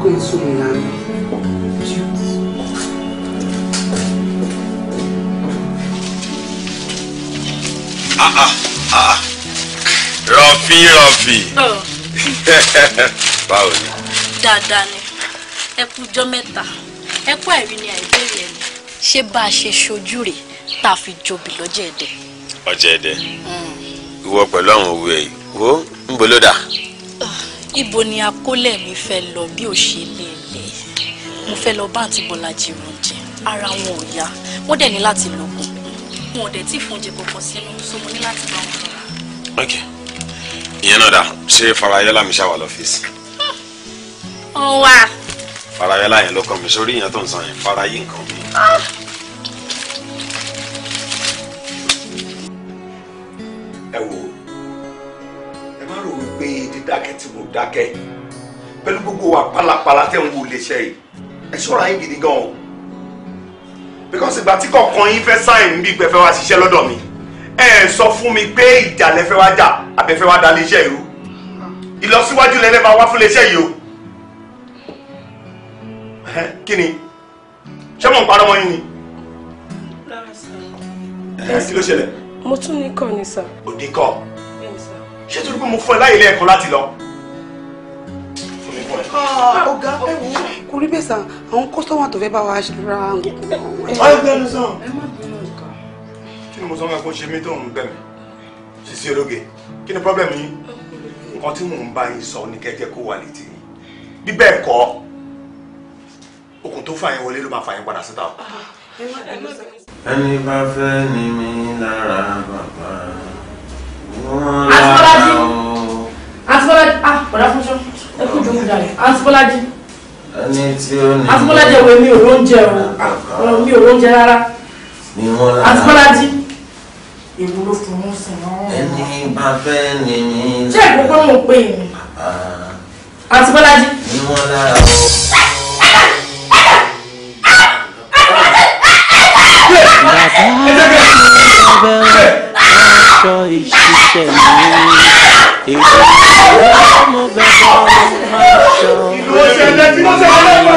S6: Ah ah ìlànà.
S4: rọ̀fì rọ̀fì báwo ni.
S1: dáadáa ni ẹ kú ọjọ́ mẹ́ta ẹ kú àìrí ni àìbéèrè ẹ̀ ṣé bá a ṣe ṣojú rẹ̀ tá a fi jobi lọ́jọ́ ẹ̀dẹ̀.
S4: ọjọ́ ẹ̀dẹ̀ hmm. ìwọ pẹ̀lú àwọn òwe ẹ̀ wo ń bolódà.
S1: Ah ibo ni akólẹ̀ mi fẹ́ lọ bí ò ṣe lè lè mo fẹ́ lọ bá àǹtí Bọ́lájí oúnjẹ ara wọn ò yá wọ́n dẹ̀ ní láti lọ́gùn wọn ò dẹ̀ tí fún oúnjẹ sínú so mo ní láti bá wọn lọ.
S4: ok ìyẹn náà dà ṣé farayọlá mi ṣàwà lọ́fíìsì. ó wà. farayọlá yẹn ló kàn mí sórí ìyẹn tó ń san yẹn farayé nǹkan
S7: mi. Ah! ẹ
S4: wò
S5: ó pé dídákẹ́ tí mo dákẹ́ pẹ̀lú gbogbo wa pálapàla tẹ̀ ń wo iléeṣẹ́ yìí ẹ ṣọ́ra yín gidi gan o because ìgbà tí kọ̀ọ̀kan yín fẹ́ sáìn bí ìgbẹ́ fẹ́ wá ṣiṣẹ́ lọ́dọ̀ mi ẹ sọ fún mi pé ìjà lẹ fẹ́ wá jà àbẹ fẹ́ wá da iléeṣẹ́ yìí o ìlọsíwájú lẹ lẹ́ẹ̀ma wá fún iléeṣẹ́ yìí o kí ni ṣé mo ń parọ́ mọ́ yín ni. kí ló ṣẹlẹ̀.
S1: mo tún ní kọ́ ni sà.
S5: òdìkọ́ ṣé torí pé mo fún ẹ láyè lẹ́ẹ̀kan láti lọ.
S6: Ah, ọ̀gá ẹ wò ó kò rí bẹ́ẹ̀ sàn àwọn kọ́sọ́mà tó fẹ́ bá wa ra nǹkan.
S5: ọ̀gá ẹnu sàn.
S7: ẹ má bínú nǹkan.
S5: kí ni mo sọ fún ẹ kó ṣe mí tó ń bẹ̀rẹ̀ ṣíṣe ológe kí ni problem yín nǹkan tí mò ń bá yín sọ ní kẹ́jẹ́ kó wà létí bí bẹ́ẹ̀ kọ́ okùn tó fà yín wọlé ló máa fà yín padà síta
S7: ah,
S4: ẹni bá fẹ́ ni mí lára bàbá. Antibolaji Antibolaji ah bọ̀dá fún ṣọ́ ẹ I ìjókòó do Antibolaji Antibolaji ẹ̀wẹ̀ mi ò lóúnjẹ
S1: o mi ò lóúnjẹ rárá Antibolaji èwo ló fún un sí náà.
S4: ẹni bá fẹ́ ni ní. ṣé ìkókó
S1: mò ń pè
S2: sọ ìṣiṣẹ́ mi èdè ìṣòro mo bẹ̀rẹ̀ má sọ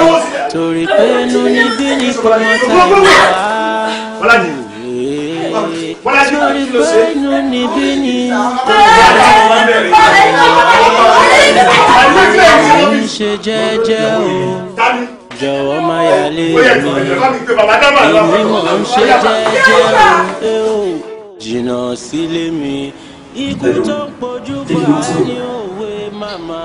S2: ọ́ torí pé inú níbí ni kò mọ̀ tá a wá torí pé inú níbí ni kò mọ̀ tá a wá ṣe jẹ́jẹ́ o jọ̀wọ́ máa yà lé mi èmi mò ń ṣe
S7: jẹ́jẹ́ o
S2: jìnnà sílé mi ikú tó ń pojú fa ní òwe màmá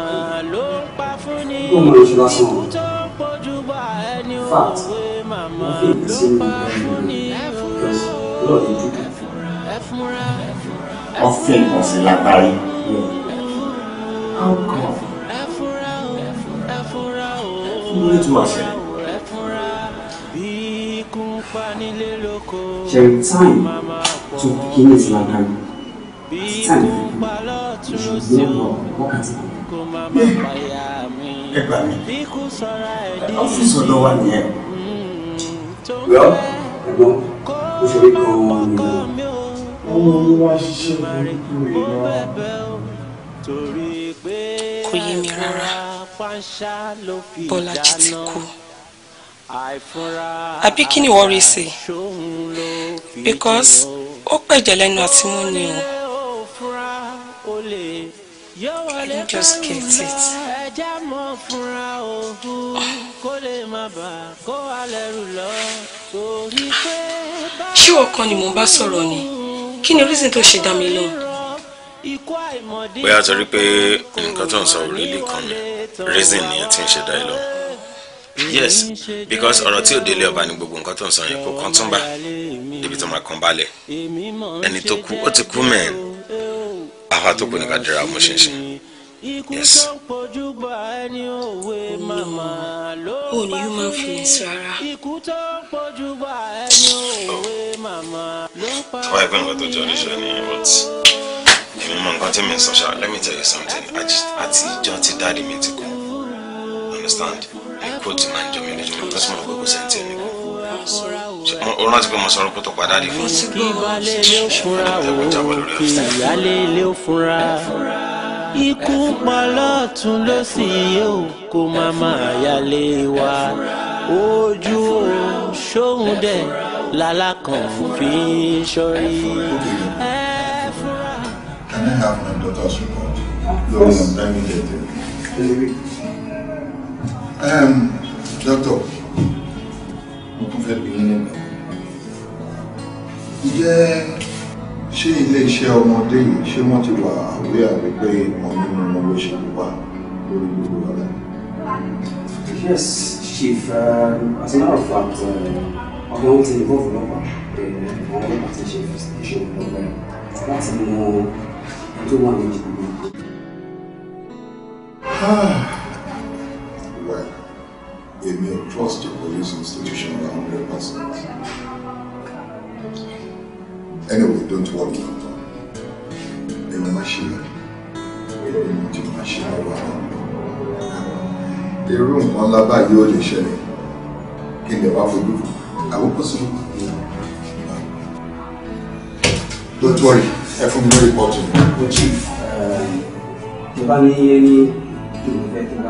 S2: ló ń pa fún ni ikú tó ń pojú fa ní òwe màmá ló ń pa
S3: fún ni ẹfúnra ọfẹ
S2: ìmọ̀sí lágbárí.
S7: How come? ẹfúnra
S2: ẹfúnra ó ní ìtumọ̀ ṣe ṣe time tó kéré islam dání títà ní fífi ìṣòro lọ wákàtí kan. ẹ gbà mí ọ́fíìsì ọ̀dọ́ wa nìyẹn yọ ẹ̀gbọ́n ó ṣe é gan-an wọn ni ọmọ mi wá ṣiṣẹ́ burúkú rẹ̀ lọ́wọ́.
S1: kò yé mi rárá Bọ́lájí ti kú àbí kí ni wọ́n rí sí i because ó pẹ̀jẹ̀ lẹ́nu àti mú ni o
S2: I just get it.
S1: ṣé ọkàn ni mò ń bá sọ̀rọ̀ ni kí ni reason tó ṣe dá mi lóhùn.
S2: bóyá torí
S4: pé nǹkan tó ń sọ ò rí lè kàn mí reason nìyẹn ń ṣe dá ẹ lóhùn yes because ọ̀rọ̀ tí ò délé ọba ni gbogbo nǹkan tó ń sọ yẹn kò kàn tún bá débi tó máa kàn balẹ̀ ẹni tó kú ó ti kú mẹ́rin àwa tó kù ní ká dira mọ́ ṣinṣin yes.
S2: o ní human feelings rárá. wọ́n ẹgbẹ́
S4: nǹkan tó jọ ní sọ ni but èmi mọ nǹkan tí mi ń sọ ṣá let me tell you something àtijọ́ ti dáàdi mi ti kú understand kó tí ń jọ mí lójú lórí kọ́sí mo sẹ́ńtì mi kù ó rántí pé mo sọ pé tó padà rí fún mi.
S2: ìbálẹ̀ ó fúnra ikú pa lọ́tún ló sì yé kó má máa yálé wa ojú o ṣóhun dẹ̀ lálákàn fi sọrí. Can I have my daughter's report? Yes. Yes.
S8: Ehm, dọ́tọ̀ mo tún fẹ́ bí yín nínú ǹjẹ́ ṣé ilé iṣẹ́ ọmọdé yìí ṣé wọ́n ti wà àwé àwé pé wọn nínú ọmọ ló ṣe pupa lórí gbogbo ọ̀la. yes chief uh, as a matter of fact ọ̀gá wọn ti
S3: involve lọ́pàá àwọn ọlọ́pàá ti ṣe ìṣòro lọ́pàá láti mọ ohun
S8: tó wà ní ìdìbò well they may trust the police institution 100%. anyway don't worry They machine. They èmi mo ti má ṣe lọ́wọ́ irú nǹkan ńlá báyìí the lè ṣẹlẹ̀ kí ni wàá fojú àkókò
S6: don't worry ẹ fún mi ní chief eh, tí o bá any ẹni ìlú fẹ́ kí n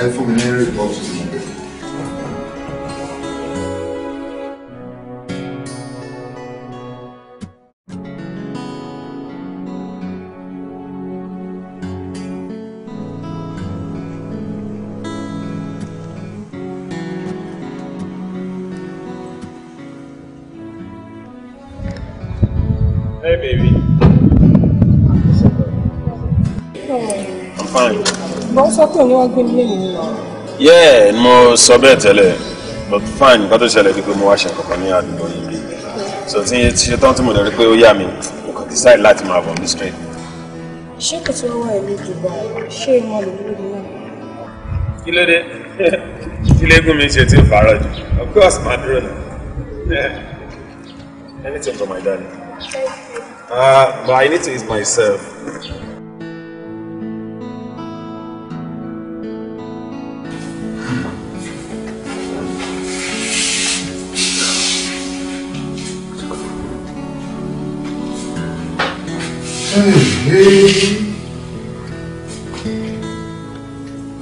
S8: ẹ fún mi ní rìpọ́tù sí i.
S1: sọ pé òun wá gbé mi lẹ́yìn mi.
S4: yẹ́ẹ̀ mo sọ bẹ́ẹ̀ tẹ́lẹ̀ but fine nǹkan tó ṣẹlẹ̀ ni pé mo wá ṣe nǹkan kan ní àdúgbò yìí bí so tí ṣe tán tí mo lè rí pé ó yà mí mo kàn decide láti máa bọ̀ ní straight.
S1: ṣé kò tí wọ́n wá ìlú Dubai ṣé ìwọ̀n ló lórí náà.
S4: kí ló dé kí lẹ́gùn mi ṣe tí ò fàárọ̀ jù of course my dúró náà anything for my daddy. Uh, but I need to use myself.
S8: gbé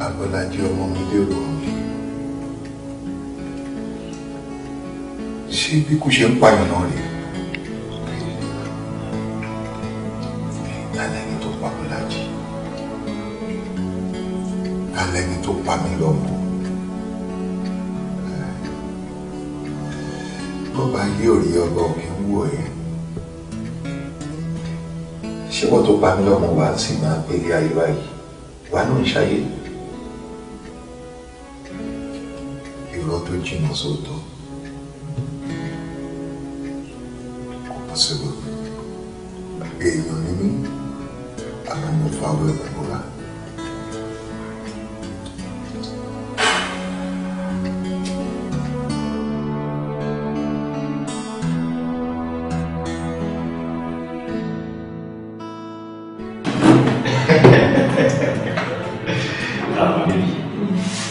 S8: Abọ́lájí ọmọ mi lérò ṣé bí kò ṣe ń pààyàn náà rè pa mí lọ́mọ wa sì máa gbélé ayé báyìí wa náà ń ṣayé ìrọ́ tó jìnnà sóòótọ́.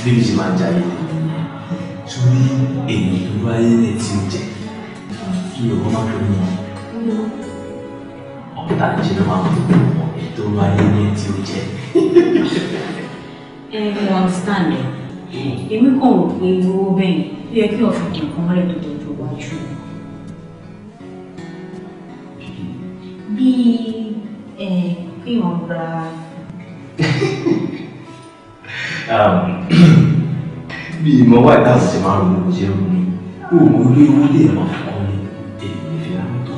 S3: bébí ṣe máa ń jayé torí èèyàn tó bá yé lè tí ó jẹ kí ọkọ má tó mú ọ̀tá ìṣe ló máa ń mú ọ̀rẹ́ tó bá yé lè tí ó jẹ.
S1: ẹ ẹ understand ẹ èmi kàn rò pé owó bẹ́ẹ̀ ó yẹ kí ọ̀fìn kì í kan mọ́lẹ̀ tó tọ́jú iwájú. bí ẹ pé wọn gba.
S3: bí ìmọ̀ wà dáàsì máa ronú jẹun ni òun orí owó lè máa fún ọ èyí lè fi ra mọ́tò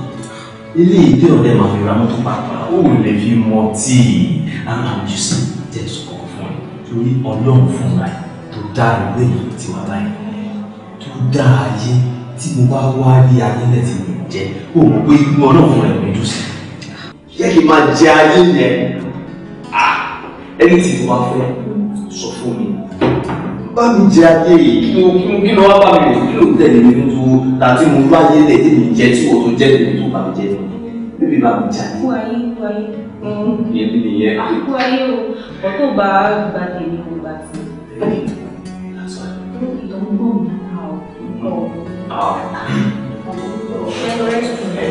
S3: ilé ìdí ọ̀dẹ máa fi ra mọ́tò pàápàá òun lè fi mọ tíì aláàjù tẹ̀sán kọ̀ọ̀kan fún ẹ torí ọlọ́run fúnra ẹ tó dá ìwé yìí ti wà báyìí tó dá ayé tí mo bá wá rí ayé náà ti lè jẹ òun pé inú
S6: ọlọ́run fúnra ẹ mi dùn yẹ kí n máa jẹ ayé yẹn ẹni ah! tí mo bá fẹ́ sọ fún mi bá jẹ ayé yìí kí ló wá bá rè kí ló ń tẹ̀lé mi tó tàbí mo lọ ayé lẹ̀ tí mi jẹ tí wọ́n tó jẹ́ tó bá jẹ bíbí bá jẹ ikú ayé ikú ayé. Mm. ìyẹn bí nìyẹn. Ah. ikú ayé o
S1: ọ̀tọ̀ bá gba tèmi kò gbà sí.
S7: ìtọ́ ń bọ̀
S2: mí ọ̀ ọ̀
S3: ẹ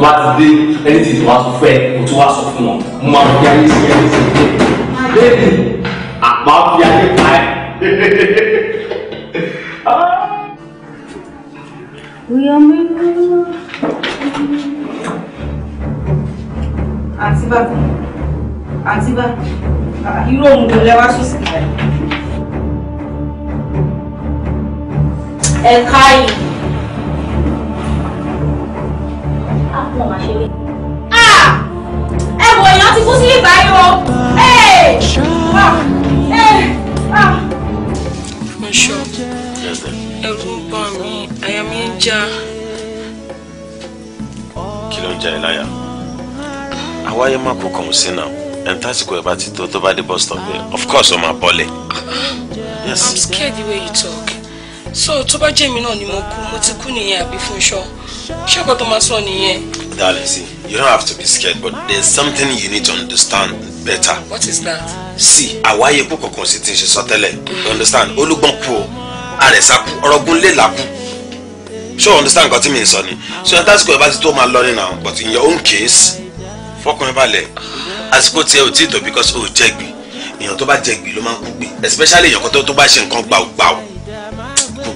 S3: lọ ti dé ẹni tí tó wá kó tó wá sọ fún wọn mo máa ń bí sí ẹni tí tó dé bẹ́ẹ̀ni àpá
S7: ayé
S6: pa ẹ́.
S1: àǹtí bá àǹtí irú òun kò lẹ́wà sùn sí ẹ̀ka yìí. Ah! ẹ wò èèyàn ti kú sí ìgbà Aṣọ ẹ̀rù bà mí, àyà mi ń já.
S4: Kí ló ń já ẹ láyà? Àwáyé má kó kàn sí náà. Ẹni tásìkò ẹ bá ti tó tó bá dé bus stop yẹn. Of course o máa
S1: Yes. I'm scared the way you talk. So tó bá jẹ́ mi náà ni mo kú, mo ti kú nìyẹn àbí fún ṣọ́. Ṣé ọkọ tó máa sọ nìyẹn?
S4: Darling, see, you don't have to be scared, but there's something you need to understand better. what is that. see àwáyé kú kankan sí ti ń ṣe sọtẹ́lẹ̀ you understand olúgbọ́n kú o àrẹ̀sà kú ọ̀rọ̀gùn lè là kú ṣé o understand nǹkan tí mi ń sọ ni so yẹn tásìkò ẹ bá ti tó máa lọ nínú àwọn but in your own case fọkùnrin balẹ̀ àsìkò tiẹ̀ ò tí ì tó because o jẹ̀gbì èèyàn tó bá jẹ̀gbì ló máa ń kú gbì especially èèyàn kan tó tó bá ṣe nǹkan gbàùgbàù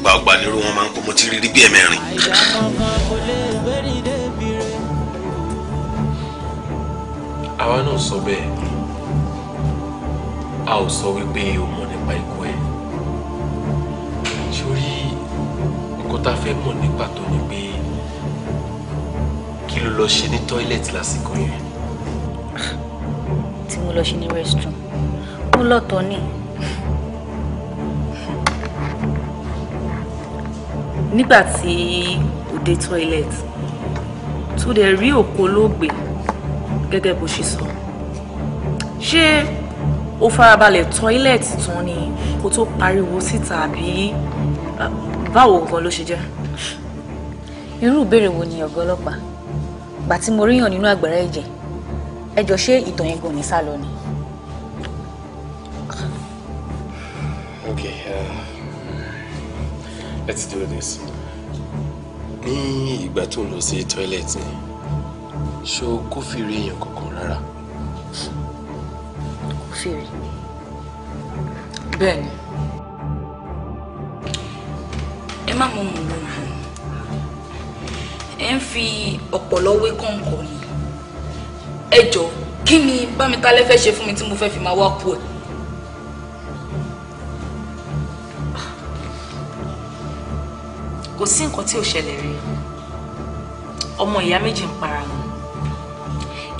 S4: gbàùgbà nírú wọn máa ń kú mo ti rí rí bí ẹ̀mẹrin.
S3: àwa náà sọ bẹ́ẹ̀ a ò sọ wípé o mọ̀ nípa ikú ẹ̀ sórí nǹkan tá a fẹ́ mọ̀ ní pàtó ni pé kí ló lọ ṣe ní tọ́ílẹ̀tì lásìkò yẹn.
S1: tí mo lọ ṣe ní restroom ó lọ́tọ̀ ni. nígbà tí ó dé toilet tó dẹ̀ rí òkú olóògbé gẹ́gẹ́ bó ṣe sọ ṣé ó farabalẹ̀ tọ́ílẹ̀tì tán ni kó tó pariwo síta àbí báwo gan ló ṣe jẹ́. irú ìbéèrè wo ni ọ̀gá ọlọ́pàá gbà tí mo ríyàn nínú àgbàrá ẹ̀jẹ̀ ẹ ṣé ìtàn yẹn gan ní sálọ ni.
S3: okay uh, let's do this ní ìgbà tó lọ sí tọ́ílẹ̀tì ṣó kófìrí èèyàn kankan rárá
S1: fèrè. bẹ́ẹ̀ni. ẹ má mọ mọ lóru ẹ ń fi ọ̀pọ̀lọ́ wé kọ̀ǹkọ̀ ni ẹ jọ kí ni bámitálẹ́ fẹ́ ṣe fún mi tí mo fẹ́ fi máa wá kú ẹ̀. kò sí nǹkan tí ò ṣẹlẹ̀ rí ọmọ ìyá méjì ń para wọn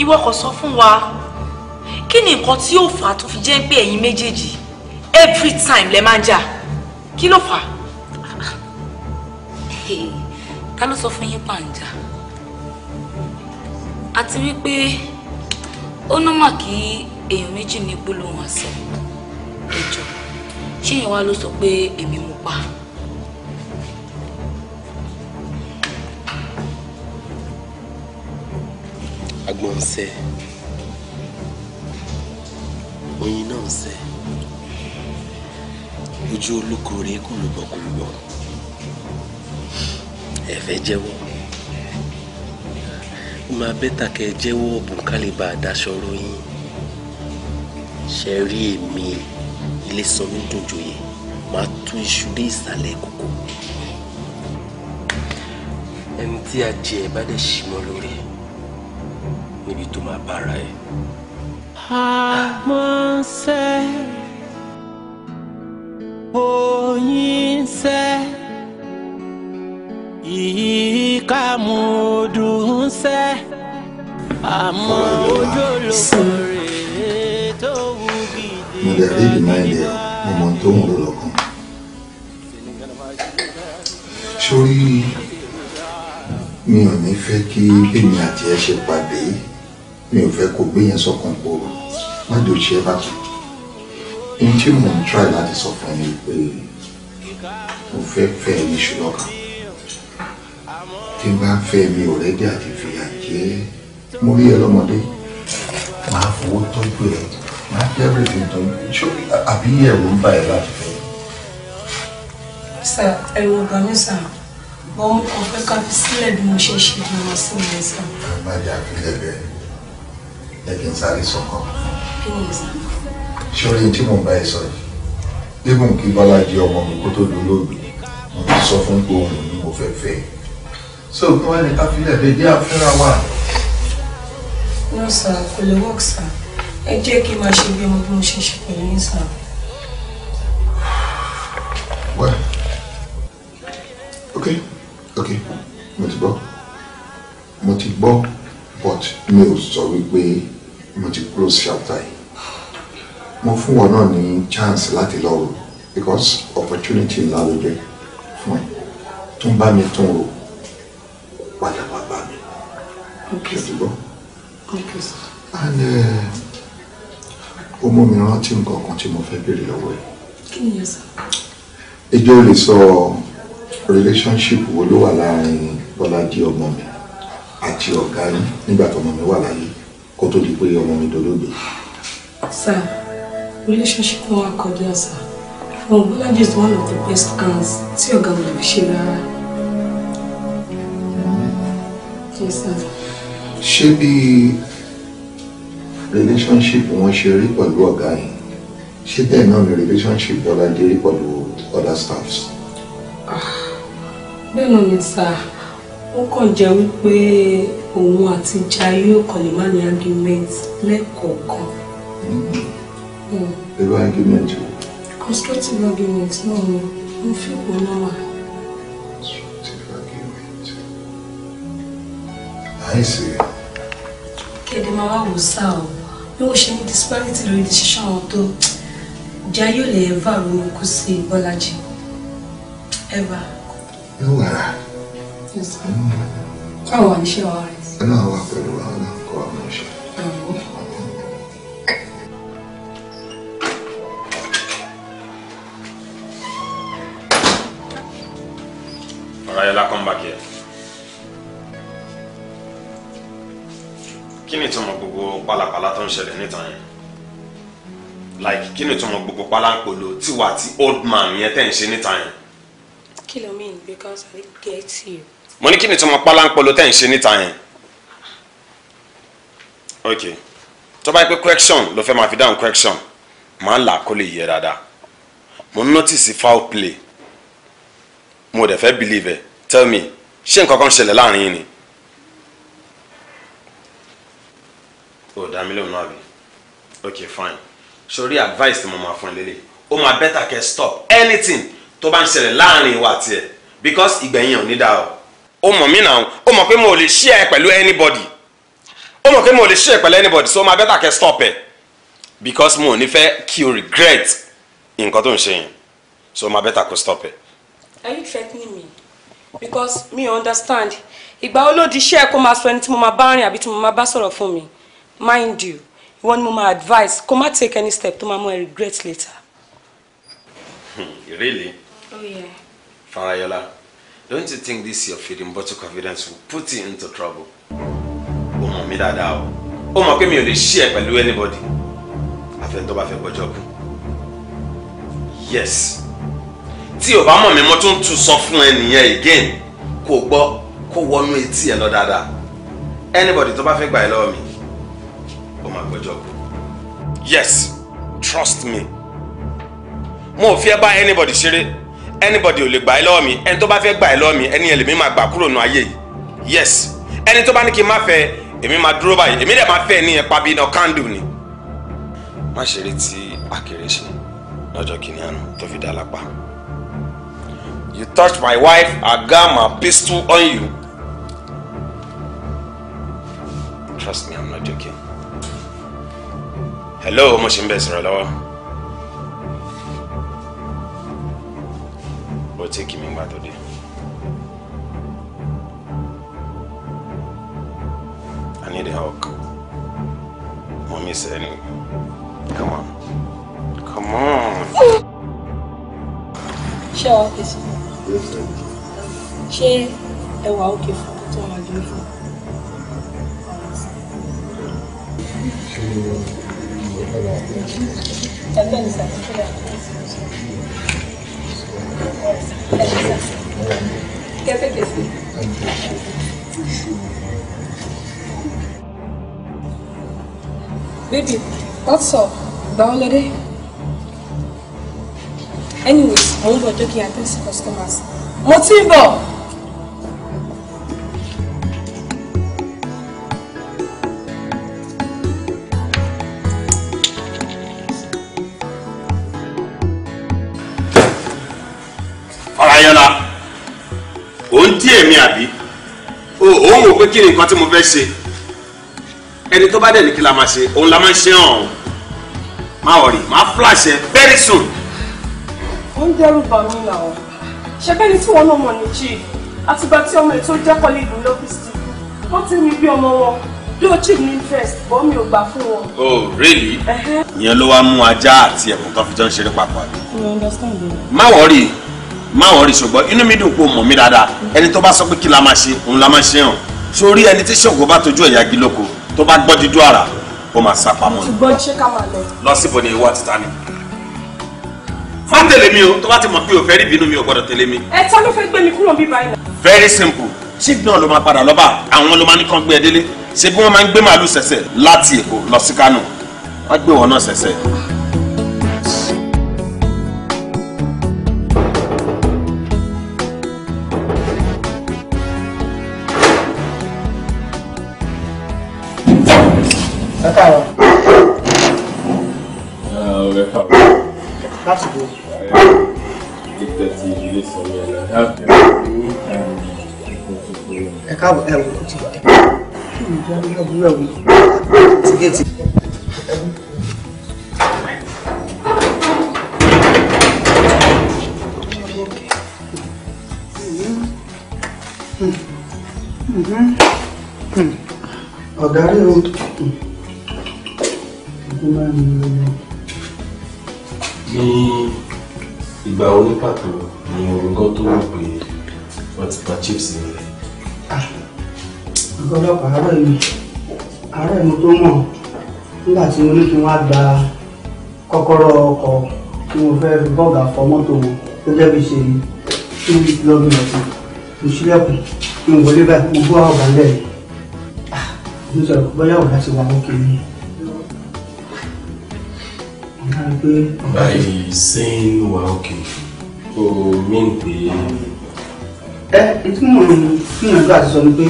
S1: ìwọ kò sọ fún wa kí ni nǹkan tí ó fà á tó fi jẹ́ pé ẹ̀yin méjèèjì every time lẹ máa ń jà kí ló fà á. ta ló sọ fún yín pàǹjà àti wípé ó nọ́mà kí èèyàn méjì ní gbólóhùn àṣẹ ẹjọ́ ṣé ìyẹn wá ló sọ pé èmi mo pa.
S3: agbọ̀nsẹ̀ oyin náà ń sẹ́ ojú olókoore kò ló bọ̀ kò ló bọ̀ ẹ fẹ́ jẹ́wọ́ ó máa bẹ́tà kẹ́ ẹ jẹ́wọ́ ọ̀bùn ká lè bá a daṣọ ròyìn ṣe rí èmi ilé sanmi dùnjòyè máa tú iṣu dé ìsàlẹ̀ kókó ẹni tí a jẹ ẹ bá dẹ̀ ṣì mọ́ lórí níbi tó máa bára ẹ
S2: amọ̀nsẹ̀ oyinsẹ̀ ìkàmùdùnsẹ̀ àmọ́ ojúlówó rèé tó wù gidi. mo dẹ̀ rí ìmọ̀ ẹ̀ dẹ̀
S8: mo mọ̀ tó mi ò ní fẹ́ kí èmi àti ẹ ṣe pàdé mi ò fẹ́ kó gbé yẹn sọ́kàn pòrò má jò ṣe é bàtà ní tí mò try láti sọ fún mi pé mo fẹ́ fẹ́ ní ṣùgbọ́n kan tí n bá fẹ́ mi ò rẹ́dí àti fìyà jẹ mo rí ẹ lọ́mọdé máa fowó tọ́jú ẹ máa dẹ́rù ìdí tọ́jú àbí ẹ̀rù ń bà ẹ́ láti fẹ́.
S1: sà ẹ̀rù ọ̀gá mi sà mo ń kọ fẹ́ ká fi sílẹ̀ bí mo ṣe ṣe ìdùnnú sí mi sà.
S8: àgbàjà àfilẹ̀ bẹ́ẹ̀ ẹ kì í sáré sórí tí mò ń bá ẹ sọ yìí débùn kí bọ́lá jẹ ọmọ mi kó tó dolóògbé mo ti sọ fún pé ni mo fẹ́ fẹ́ so kí wọ́n ní káfílẹ̀ bẹ́ẹ̀ jẹ́ àfẹ́ràn wà.
S1: no sir kò lè work sir ẹ jẹ́ kí n máa ṣe bí ọmọ bí mo ṣe ṣe pẹ̀lú yín sir.
S8: well okay okay mo ti gbọ́ mo ti gbọ́ but mi ò sọ wípé mo ti close chapter yìí mo fún wọn náà ní chance láti lọ rò because opportunity ńlá ló jẹ fún ẹ tó ń bá mi tún rò padà wá bá mi. Okay sir. Okay sir. and ó eh, mi rántí nǹkan kan tí mo fẹ́ béèrè lọ́wọ́ ẹ. kí ni yẹn sọ. lè sọ relationship wo ló wà láàrin bọ́lájí ọmọ mi àti ọ̀gá yín nígbà tó ọmọ mi wà láyé kó tó di pé ọmọ mi dolóògbé.
S1: sáà relationship wọn akọjá sá from biology is one of the best hands tí ọ̀gá mi Sheila.
S8: Yes, sir. She be relationship when she rí pẹ̀lú ọ̀gá guy. She bẹ́ẹ̀ know the relationship Bọ́ládé rí pẹ̀lú other staffs.
S1: Ah, bẹ́ẹ̀ náà ni sá ó kàn jẹ́ wípé òun àti Jaiye ó kàn lè má ní argument
S8: lẹ́kọ̀ọ̀kan. Mm-hmm. Irú argument wo?
S1: Constructive argument náà ni mo fi kò náà. Constructive argument. I see. Kéde máa wá wò sá o, bí wọ́n ṣe ní disparity lórí decision wọn tó, ìjà yóò lè ẹ̀fà ronú kú sí Bọ́lájí. Ẹ̀fà. Yóò wà rà. Báwo wà ní ṣé wàá rẹ̀?
S8: Ẹ náà wà pẹ̀lú
S4: kí ni ìtumọ̀ gbogbo pálapàla tó ń ṣẹlẹ̀ níta yẹn like kí ni ìtumọ̀ gbogbo pálápolo tiwa ti old man yẹn tẹ̀ ń ṣe níta yẹn.
S1: kí mean because I get you.
S4: mo ní kí ni ìtumọ̀ pálápolo tẹ̀ ń ṣe níta yẹn. ok tó bá yẹ pé correction ló fẹ́ máa fi dáhùn correction máa ń là kó lè yẹ dáadáa mo notice foul play mo dẹ̀ fẹ́ believe ẹ̀ tell me ṣé nǹkan kan ṣẹlẹ̀ láàrin yín ni. o dá mi náà bí ok fine sori advice tí mo máa fún ẹ lélẹ̀ ó máa better kẹ́ stop anything To bá ń ṣẹlẹ̀ láàrin ìwà àti ẹ̀ because ìgbẹ̀yìn ò ní dáa o ó mọ̀ mí náà ó mọ̀ pé mo ò share ẹ pẹ̀lú anybody ó mọ̀ pé mo ò share ẹ pẹ̀lú anybody so ó better kẹ́ stop ẹ because mo ò ní fẹ́ o regret nǹkan tó ń ṣe yẹn so ó better kó stop ẹ.
S1: are you threatening me because me understand ìgbà wo ló di iṣẹ́ ẹ kó máa sọ ẹni tí mo máa bá rìn àbí tí mo máa bá sọ̀rọ̀ fún mi mind you ìwọ ni mo máa advise kó take any step tó máa regret later.
S4: Hmm, really? Oh, yeah. Farayola, don't you think this your feeding bottle confidence will put you into trouble? Oh my mí dáadáa o ó mọ̀ pé mi ò lè ṣí ẹ pẹ̀lú anybody àfẹnudọ́ bá fẹ́ gbọ́jọ́ kù yes See, o bá mọ̀ mi mo tún tún sọ again kò gbọ́ kó wọnú etí ẹ lọ anybody tó bá fẹ́ gbà ẹ lọ́wọ́ máa gbẹ́jọ́ kù yes trust me mo ò fi ẹ bá anybody ṣeré anybody ò lè gbà ẹ lọ́wọ́ mi ẹni tó bá fẹ́ gbà ẹ lọ́wọ́ mi ẹni yẹn lèmi máa gbà kúrò nù ayé yìí yes ẹni tó bá ní kí n má fẹ́ èmi máa dúró báyìí èmi dẹ̀ máa fẹ́ ẹni yẹn pàbí iná kándù ni. má ṣeré tí àkèrè ṣe lọ́jọ́ kìíní àná tó fi dá lápá. you touch my wife I got my pistol on you. trust me I'm not joking hello mo ṣe ń bẹ sọ̀rọ̀ lọ́wọ́ o tí kì mí gbà tó dé i need a hug mo miss ẹ anyway come on come on.
S1: ṣé ọ kì í sọ ṣé ẹwà òkè fún tó wà lórí fún.
S7: Thank you. Baby,
S1: what's up? The holiday? Anyways, mo ń bọ̀ jókè àtẹ̀sí customers. Mo ti ń bọ̀!
S5: bí èmi àbí
S4: o wò pé kí ni nǹkan tí mo fẹ́ ṣe ẹni tó bá dẹ̀ ní kí la máa ṣe òun la máa ń ṣe hàn má wọ̀rì má flash ẹ very soon.
S1: ó ń dẹ́rù bà mí là ọ́ ṣe bẹ́ẹ̀ ni tí wọ́n náà mọ̀ ní jí àtìgbà tí ọmọ ètò jẹ́kọ̀ọ́ lè dùn lọ́fíìsì wọ́n ti mi bí ọmọ wọn yóò chip ní interest bọ́ mi ò gbà
S7: fún wọn.
S4: oh really. ìyẹn ló wá mú ajá àti ẹ̀bùn tó fi jọ ń ṣeré papọ̀ àbí. mo understand. má wọ̀rì má wọrí ṣùgbọ́n inú mi dùn pé o mọ̀ mí dáadáa ẹni tó bá sọ pé kí la máa ṣe òun la máa ṣe hàn sórí ẹni tí ṣògo bá tójú ẹ̀yà igi lóko tó bá gbọ́ dídú ara ó máa sá pamọ́ ni. ṣùgbọ́n ṣé lọ. síbo ni ìwọ àti tani. má tẹ̀lé mi o tó bá ti mọ̀ pé o fẹ́ rí ìbínú mi o gbọ́dọ̀ tẹ̀lé mi.
S1: ẹ ta ló fẹ́ gbé mi kúrò bíbá yìí.
S4: very simple signal ló máa padà lọ́ba àwọn ló máa ní kán gbé ẹ délé ṣé bí wọ́n máa ń gbé màálù sẹ̀sẹ̀ láti Èkó lọ sí Kánò wọ́n gbé wọn náà sẹ̀sẹ̀.
S7: káàbọ̀ ẹ̀rù kò ti géètì.
S6: ọ̀gá rí o ọdún mẹ́rin ló lọ.
S7: ní
S3: ìgbà onípàtó ni òrùngán tó wù pé wọ́n ti pa chips nílẹ̀
S6: ọ̀gá ọlọ́pàá àárọ̀ mi àárọ̀ mi tó mọ̀ nígbà tí mo ní kí wọ́n á gba kọ́kọ́rọ́ ọkọ̀ tí mo fẹ́ fi bọ́ọ̀gà fọ mọ́tò wọn gẹ́gẹ́ bí ṣe rí tí mo ti lọ́ọ́ gbìyànjú mo ṣílẹ̀kùn mo wọlé báyìí mo bọ́ ọ̀gá lẹ́yìn ah, mo sọ̀rọ̀ bóyá ọ̀gá ti wà lókè mi.
S3: By saying wa okay, o mean é,
S6: Ẹ eh, ìtumọ̀ ìgbìyànjú àti sọ ni pé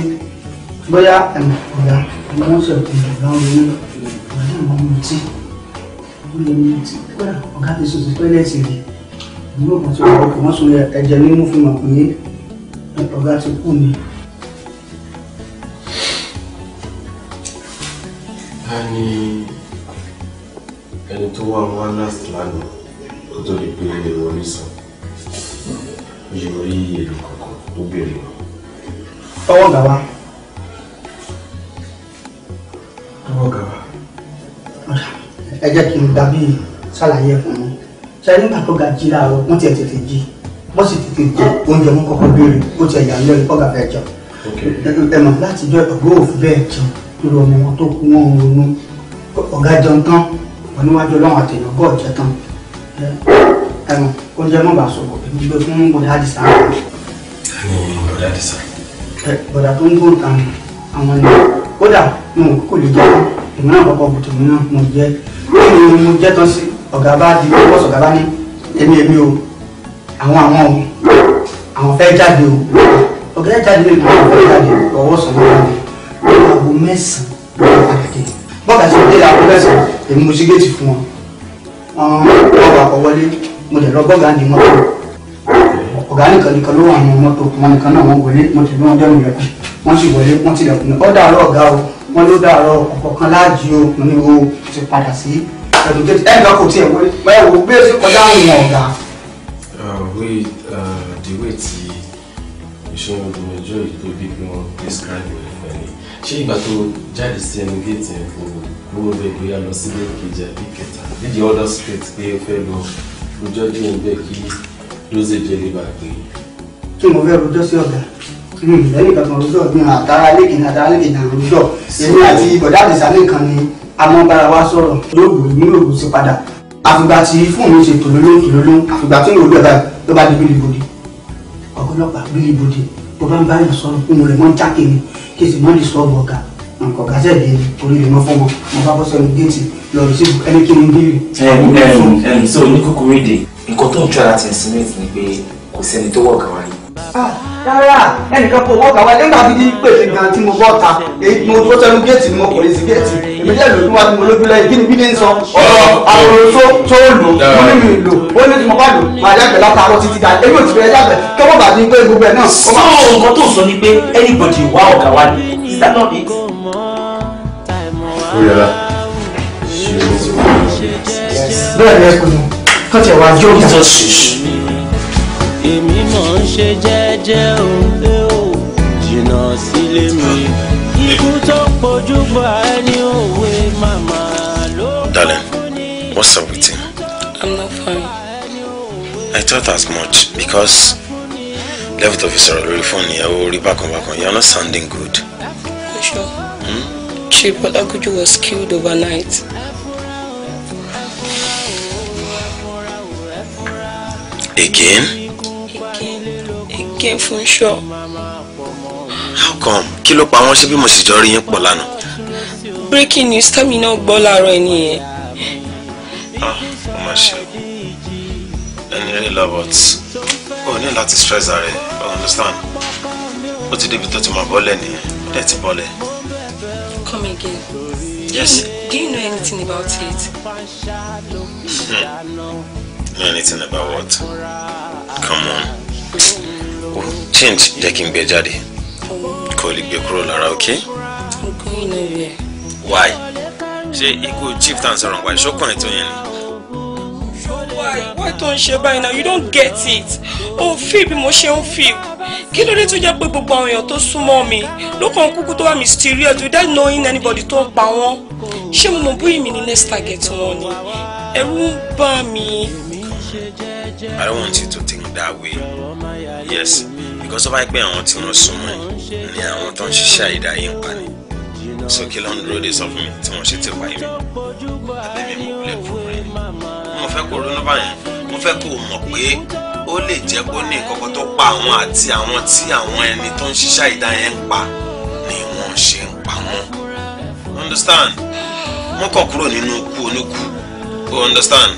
S6: bóyá ẹ̀mọ̀ ọ̀la ni wọ́n sọ ìpè ìgbà orin náà wọ́n ní àwọn ọmọ tí wọ́n lè mú tí kódà ọ̀gá ti sọ̀tún tọ́lẹ̀tì rẹ̀ ìlú ọ̀kan tó wọ́n kọ́ wọ́n sọ ẹ̀jẹ̀ nínú fún wọn pé ọ̀gá ti kú ni. ta ni
S3: ẹni tó wà wá last lánàá kó tó lè pé èrò orí sàn yóò rí èrò kankan tó béèrè lọ.
S6: ọwọ́ gàwa. ẹ jẹ́ kí n gbà bí ṣàlàyé fún mi ṣe nígbà tó ga jí láàárọ̀ wọ́n ti ẹ̀ tètè jí wọ́n sì tètè jẹ oúnjẹ mú kọ́kọ́ béèrè ó ti ẹ̀yà lẹ́rìí kọ́gà fẹ́ jẹun ẹ̀mọ̀ láti jọ ọ̀gá òfin bẹ́ẹ̀ jẹun lórí ọmọ wọn tó kú wọn ronú ọ̀gá jẹun tán wọn níwájú ọlọ́run àtẹ̀yàn bọ́ọ̀ jẹ tán ẹ̀mọ̀ oúnjẹ mọ̀ bá sọ̀rọ̀ èmi gbé fún bọ̀dá àdìsá. bọ̀dá àdìsá. bọ̀dá tó ń gbóǹta àwọn ènìyàn kódà mo kò lè jẹun èmi náà kọ́kọ́ bùtù mi náà mo jẹ́ èmi ni mo jẹ́ tán sí ọ̀gá bá di bọ́sọ̀ ọ̀gá bá ní èmi èmi o àwọn àwọn o àwọn fẹ́ jáde o ọ̀gá jáde lè lọ́wọ́ fẹ́ jáde ọwọ́ sọ̀rọ̀ jáde aago mẹ́sàn-án pàtàkì bọ́ọ̀gá ti dé aago mẹ́sàn-án èmi mo ṣí fún wọn wọn wà wọlé mo lè lọ bọ́ọ̀gá ní mọ́tò ọ̀gá nìkan nìkan ló wà nínú mọ́tò wọn nìkan náà wọ́n wọlé wọ́n ti gbé wọ́n sì wọn ló dàrọ ọ̀kọ̀ọ̀kan láàjì òkun ni o ti padà sí ẹ̀dùn kejì ẹ̀dùn kò tiẹ̀ wọlé báyà wò bí èsì kọjá àwọn ọ̀gá.
S3: Um, wey uh, the way ti ìṣòro ìgbìyànjú èyí tó bí bí describe rẹ fún ẹni ṣé ìgbà tó jáde sí ẹnu géètì ẹ kò kúrò bẹ́ẹ̀ bóyá lọ sílé kejì àbí kẹta nídìí order straight pé ó fẹ́ lọ rojọ́ díẹ̀ níbẹ̀ kí lóṣèjẹ́ lè bàgbé.
S6: kí mo fẹ́ rojọ́ sí ọ̀gá lẹ́yìn kan tó ní àtàrà lẹ́kì ní àtàrà lẹ́kì náà ń sọ èmi àti bọ̀dá àdìsá nìkan ni a wa sọ̀rọ̀ lóògùn ní òògùn sí padà àfìgbà tí fóònù ṣe tòlóló tòlóló àfìgbà tí òòlù ẹ̀ ló bá di bílíbodè ọ̀pọ̀lọpàá bílíbodè bó bá ń bá yàn sọ̀rọ̀ fún rẹ̀ mọ́ ń jákèrè kí èsì mọ́ lè sọ ọ̀gá nǹkan ọ̀gá tẹ̀lé orí rárá ah, ẹnìkan kò wọ́ọ̀kà wá nígbà tí pèsè gan tí mo bọ́ọ̀ta èyí mo tó tẹnu géètì ni mo kò lè sí géètì èmi jẹ́ lòdù wa ni mo lójú lẹ́yìn kí ni bí ní sọ ọ̀rọ̀ àwòrán tó tó lò mo ní mi lò ó ní tí mo bá lò máa yàgbẹ́ látàárọ̀ títí da èmi ò ti fẹ́ yàgbẹ́ kí wọ́n bá ní pé gbogbo ẹ̀ náà. sọ nǹkan tó sọ ni pé
S3: anybody wá ọ̀gá wa ni is that not it.
S6: bẹ́ẹ̀ ni ẹ pinnu kọ́tẹ̀ wá yóò dá èmi máa ń ṣe
S2: jẹ́jẹ́ òde ò jìnnà sílé mi ikú tó pojú bọ̀ ẹni òwe màmá ló
S4: kú ní. What's up with him? I'm not fine. I thought as much because left of ìsọ̀rọ̀ lórí fóònù yẹn ó rí bákanbákan you are not sounding good. You sure? Hmm?
S1: Chief Olagunju was killed overnight.
S3: Again?
S1: kí n fún ṣọ.
S4: how come kí ló pa wọ́n sí bí mo sì jọ rí yín pọ̀ lánàá.
S1: breaking news tẹ́mi náà gbọ́ láàárọ̀ ẹni yẹn.
S4: ah mo máa ṣe ẹni rí lọ́bọ̀t o ní láti stress ààrẹ i understand ó ti débi tó ti máa bọ́lẹ̀ nìyẹn ó dẹ̀ ti bọ́lẹ̀. come again. yes.
S1: do you know anything about it.
S4: Hmm. anything about what? Come
S1: on
S4: o change jẹ́ kí n gbé jáde kò lè gbé kúrò lára ok. why ṣé ikú chieftain sọ̀rọ̀ nípa ìṣọ́kùnrin tó yẹn ni.
S1: why why tó ń ṣe báyìí now you don't get it o feel bí mo ṣe ń feel kí ló dé tó jẹ́ pé gbogbo àwọn èèyàn tó súnmọ́ mi ló kàn kúkú tó wà mysterious without knowing anybody tó ń pa wọ́n ṣé mo mọ̀ bóyá mi ni next target wọn ni ẹ̀rù ń bà mí.
S4: I don't want you to think that way yes because ó bá pẹ́ àwọn tí wọ́n súnmọ́ ẹ̀ ni àwọn tó ń ṣiṣẹ́ àìdá yìí ń pa ni so kí ló ń dúró de sọ fún mi tí wọ́n ṣe ti pa èmi
S7: àbẹ̀mí mo kúlẹ̀ fún rẹ̀
S4: mo fẹ́ kó ronú báyẹn mo fẹ́ kó mọ̀ pé ó lè jẹ́ kó ní ìkọ̀kọ̀ tó pa àwọn àti àwọn tí àwọn ẹni tó ń ṣiṣẹ́ àìdá yẹn ń pa ni wọ́n ṣe ń pa wọ́n understand mo kọ̀ kúrò nínú ikú oníkú o understand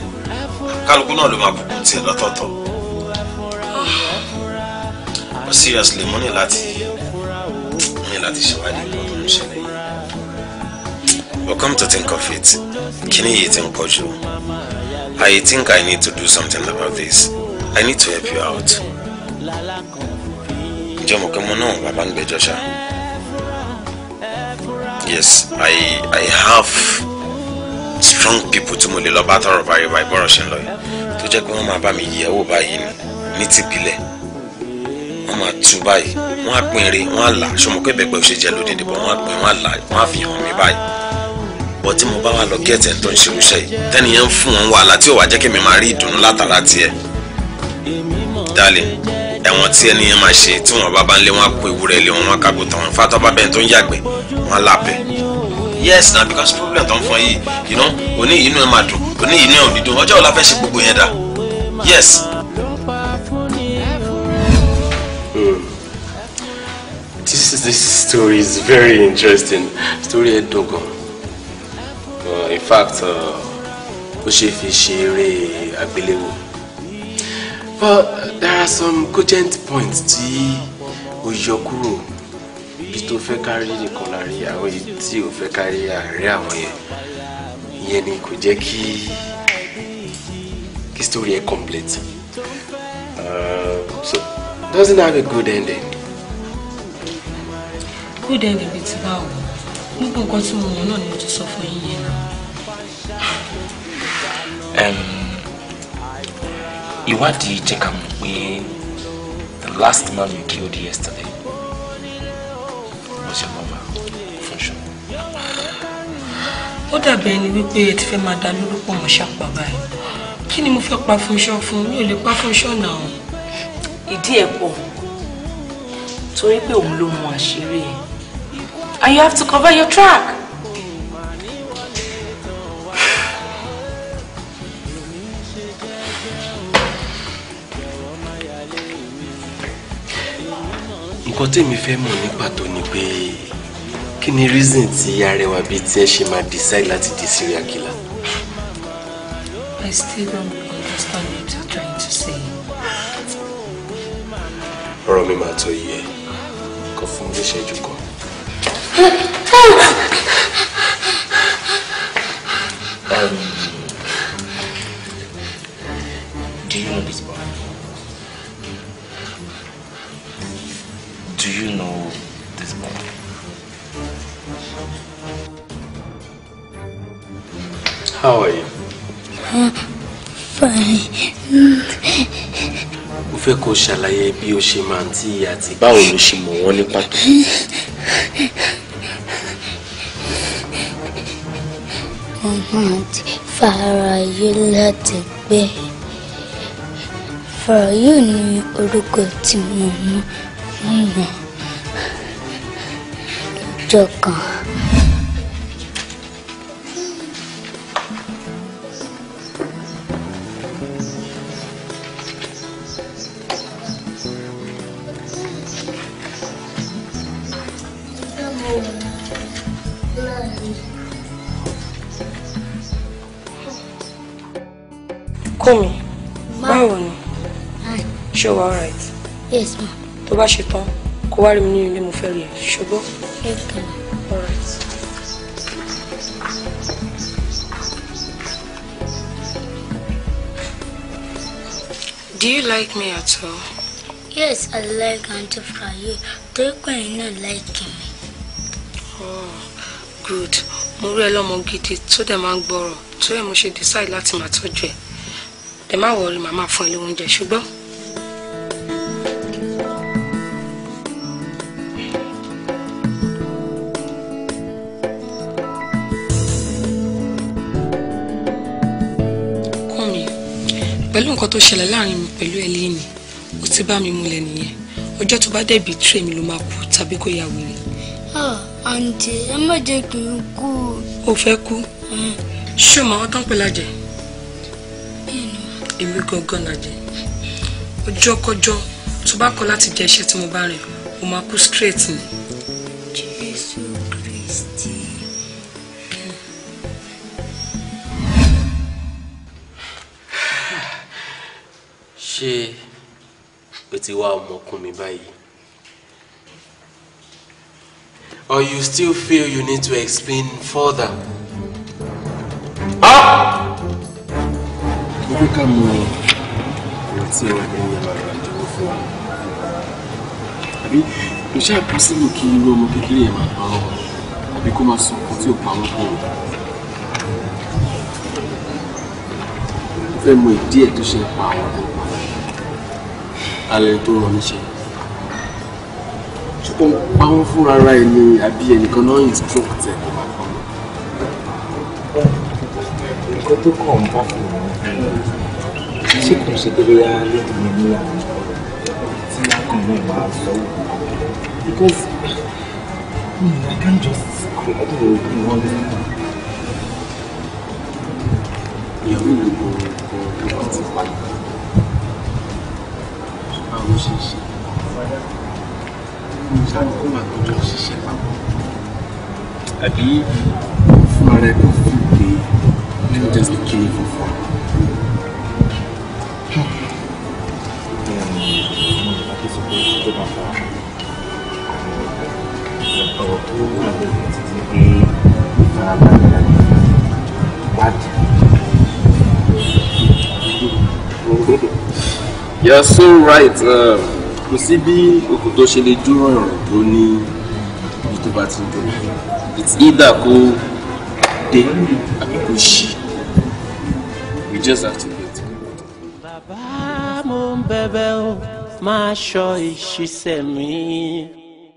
S4: kálukú náà ló máa bùkún tiẹ̀ lọ́tọ̀ọ̀tọ̀ seriously mo ní láti ní láti ṣèwádìí nǹkan tó ń ṣẹlẹ̀ yìí but come to think of it kíní yìí ti ń pọ̀ jù I think I need to do something about this I need to help you out ǹjẹ́ mo kẹ́ mo náà bàbá ń gbẹ́jọ́ ṣá yes I I have strong people tí mo lè lọ bá tọrọ báyìí báyìí bọ́rọ̀ ṣe ń lọ yìí tó jẹ́ pé wọ́n máa bá mi yẹ̀ wò báyìí ní tìpìlẹ̀ sùn báyìí wọ́n á pín eré wọ́n á là sọmọ pé bẹ́ẹ̀ pẹ́ ò ṣe jẹ́ lóde ìdìbò wọ́n á pín wọ́n á là wọ́n á fi hàn mí báyìí bọ́ tí mo bá wà lọ gẹ́tẹ̀ tó ń ṣe irúṣẹ́ yìí tẹ́niyẹn ń fún wọn wàhálà tí ò wá jẹ́ kí mi máa rí ìdùnnú látara tiẹ̀ dalẹ̀ ẹ̀wọ̀n tí ẹniyẹn máa ṣe tí wọ́n bá bá ń lé wọn á kó ewúrẹ́ lé wọn wọn á kágbó tàwọn fátọ́ bá bẹ́ẹ̀ tó ń yàgbẹ́ wọn á làbẹ̀ yes na because problem tó ń fọ yìí you know òní yìí inú ẹ máa dùn òní yìí inú ẹ ò ní dùn ọjọ́ wo la fẹ́ yes
S3: this story is very interesting story ẹ dùn uh, in fact uh, ó ṣe but there are some cogent points tí ó yọ kúrò bí tó fẹ́ kárí nìkan láàrin àwọn èyí tí ò fẹ́ kárí àárẹ̀ ni kò jẹ́ kí kí story complete uh, so doesn't have a good ending
S1: ó dẹ̀ níbi tí bá wò nípa nǹkan tí mo mọ̀ náà ni mo ti sọ fún yín yẹn náà.
S2: ìwádìí
S3: jẹ́ ká mọ̀ pé the last man you killed yesterday
S7: was your lover Funṣọ́.
S1: ó dàbí ẹni wípé ẹ ti fẹ́ máa dá lórí pọ̀ mọ́ ṣàpá báyìí kí ni mo fẹ́ pa Funṣọ́ fún mi ò lè pa Funṣọ́ náà. ìdí ẹ̀ pọ̀ torí pé òun ló mọ àṣírí ẹ̀ and you have to cover your track.
S3: nǹkan tèmi fẹ́ mọ̀ ní pàtó ni pé kí ni reason tí arẹwà bíi tí ẹ ṣe máa decide láti di serial killer.
S7: I still don't understand what you're trying to say.
S3: ọ̀rọ̀ mi máa tó yẹ kó fún mi ṣẹ́jú kan. Um, do you know this boy? Do you know this boy? How are you?
S7: Uh, fine.
S3: mo fẹ́ kó ṣàlàyé bí o ṣe máa ń tí àti báwo ló ṣe mọ̀ wọ́n ní pàtó.
S1: máa ti fàráyé láti gbé fàráyé ni orúkọ tí mo mú nínú
S7: ìjọ kan.
S1: yes ma. To ba ṣe tán kó wá rí mi nínú ilé mo fẹ́ rí ẹ
S7: ṣùgbọ́n. okay. all right.
S1: do you like me at all. yes i like aunty fraye torí pé ẹ̀yin náà like me. oh good mo rí ẹ lọ́mọ gidi tó dẹ̀ máa ń gbọ́rọ̀ tó yẹ mo ṣe decide láti máa tọ́jú ẹ̀ dẹ̀ má wọrí màmá fún ẹ lóúnjẹ ṣùgbọ́n. pẹ̀lú nǹkan tó ṣẹlẹ̀ láàrin mi pẹ̀lú ẹ lẹ́yìn o ti bá mi múlẹ̀ nìyẹn ọjọ́ tó bá dẹ̀bi tírè mi ló máa kú tàbí kó ya wèrè. Ah, àǹtí ẹ má jẹ́ kí n kú. o fẹ́ kú hmm. ṣé o mọ àwọn tó èmi gangan lájẹ ọjọ́kọjọ́ tó bá kọ̀ láti jẹ iṣẹ́ tí mo bá rìn o máa kú straight ni.
S3: ti wá ọmọkùn mi báyìí. Or you still feel you need to explain further? Mo ah! ní ká mọ ọ̀rọ̀ tí ọkùnrin yẹn máa rà dúró fún wa. Àbí kò ṣáà kú sílù kí irú ọmọ kékeré yẹn máa pa ọ́ àbí kó máa sọ nǹkan tí ò pa wọ́n pọ̀. Mo fẹ́ mọ ìdí ẹ̀ tó ṣe pa àwọn alẹ́ tó rán níṣẹ́ ṣé kò ń ara ẹ̀ ni àbí ẹnìkan náà instruct ẹ̀ kó máa pa wọ́n. nǹkan tó kàn ń bá fún mi ṣé kò ṣe pé bóyá lóde
S6: mi ní àwọn tí lákùnrin máa lọ́wọ́ because I can't just create I don't know one thing ìyàwó ìlú kò kò kò ti pa
S7: ló ṣe ṣe sáwọn kó máa tọjọ ṣiṣẹ́ papọ̀ àbí fún ara ẹ kò fún pé
S3: let me just be careful for am.
S7: ọ̀rọ̀ tó wà lórí ẹ̀ títí pé
S3: you're so right um, kò sí bí òkòtò ṣe lè dúró ìrìn tó ní ibi tó bá ti ń dúró it's either kó dé àbí kó ṣí we just have to wait.
S2: bàbá mo ń bẹ̀bẹ̀ o máa ṣọ́ ìṣiṣẹ́ mi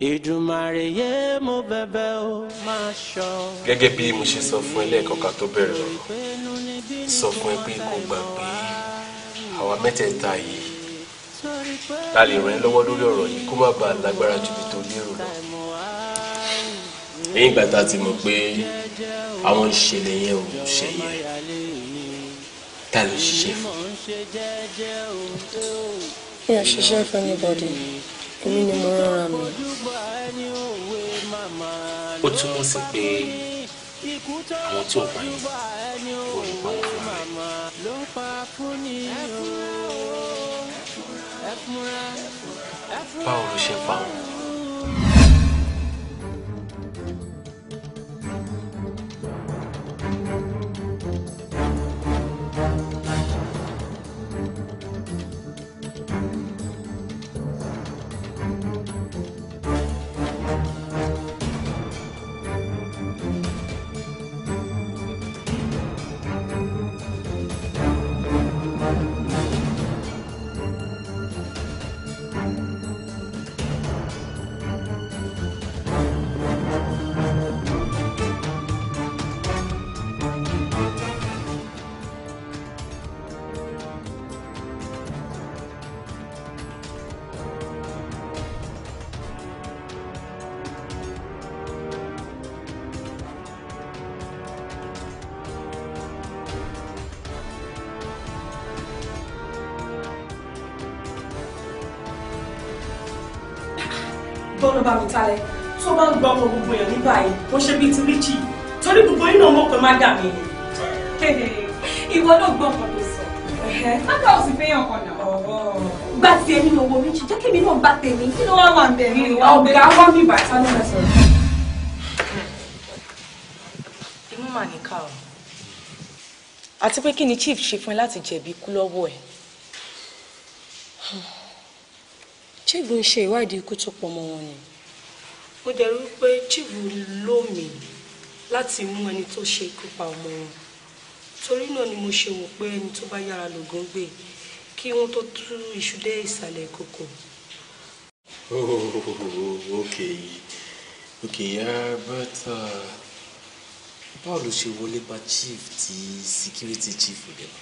S2: ìdùnmàrè mo bẹ̀bẹ̀
S3: o máa ṣọ́. gẹ́gẹ́ bí mo ṣe sọ fún ẹ lẹ́ẹ̀kan ká tó bẹ̀rẹ̀ lọ́rọ̀ sọ fún ẹ pé kò gbà pé àwa mẹ́tẹ̀ẹ̀ta yìí ta lè ràn ẹ́ lọ́wọ́ lórí ọ̀rọ̀ yìí kó má bàa lágbára ju ibi tó lérò lọ. lẹ́yìn ìgbà tá a ti mọ̀ pé àwọn ìṣẹ̀lẹ̀ yẹn ò ṣẹ̀yẹ ta ló ṣiṣẹ́ fún.
S1: mi ò ṣiṣẹ́ fún anybody èmi ni mo rọra mi.
S3: ó túmọ̀ sí pé àwọn tí ò bá yẹn wọ̀ nípa wọn fún mi. 把我的先放了。
S1: bá mi talẹ̀ tó bá ń gba ọmọ gbogbo èèyàn ní báyìí wọ́n ṣe bíi ti ríchì torí gbogbo yín náà mọ̀ pé má dà mí ni. [LAUGHS] ìwọ náà gbọ́ ọkàn tó sọ. lápá òsì fẹ́yàn kan náà. gba ti ẹni ní owó méjì jẹ́ kémi náà bá tèmi kí ló wá wà ń ọ̀gá wá mi bàtà ní ẹsẹ̀. imú mà ní ká o àti pé kí ni chief ṣe fún ẹ láti jẹ̀bi ikú lọ́wọ́ ẹ̀. chief ń ìwádìí ikú tó pọ̀ mọ́ wọn ni mo dẹ̀ rí pé chief lómi láti mú ẹni tó ṣe ikú pa ọmọ wọn torí náà ni mo ṣe wò pé ẹni tó bá yára lògùn gbé kí wọ́n tó tú iṣu dé ìsàlẹ̀ ìkòkò.
S3: Oh, okay okay abata báwo ló ṣe wọlé bá chief tí security chief dẹ̀ bá.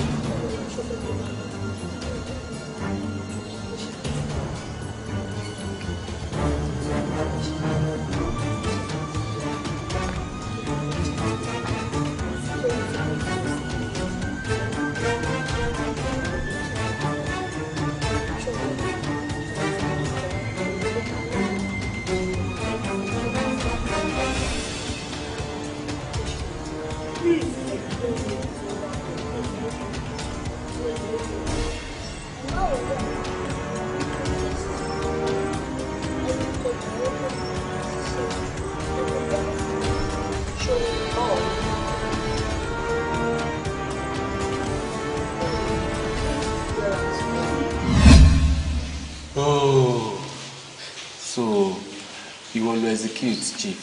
S3: execute chief.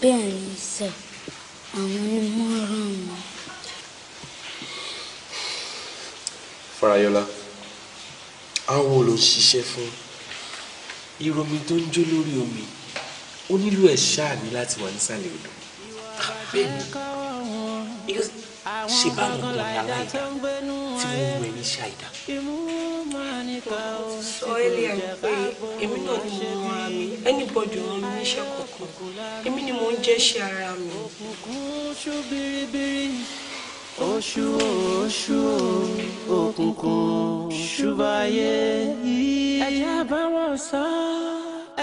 S7: bẹ́ẹ̀ ni sẹ́ àwọn ni wọ́n ràn wọ́n.
S3: Farayọlá àwọn wo ló ń ṣiṣẹ́ fún iromi tó ń jó lórí omi ó nílò ẹ̀ ṣáà ní láti wà nísàlẹ̀ odò
S2: ah, bẹ́ẹ̀ ni ṣe báwọn ọmọ aláìdá tí wọ́n mú ẹ ní ṣàìdá délé ẹ̀ ń pé
S1: èmi náà ni mo rán mi anybody rán mi níṣẹ́ kankan èmi ni mo ń jẹ́ ṣe ara
S7: mi.
S2: oṣù oṣù òkùnkùn ṣùbàyè yìí. ẹ̀já bá wọn sọ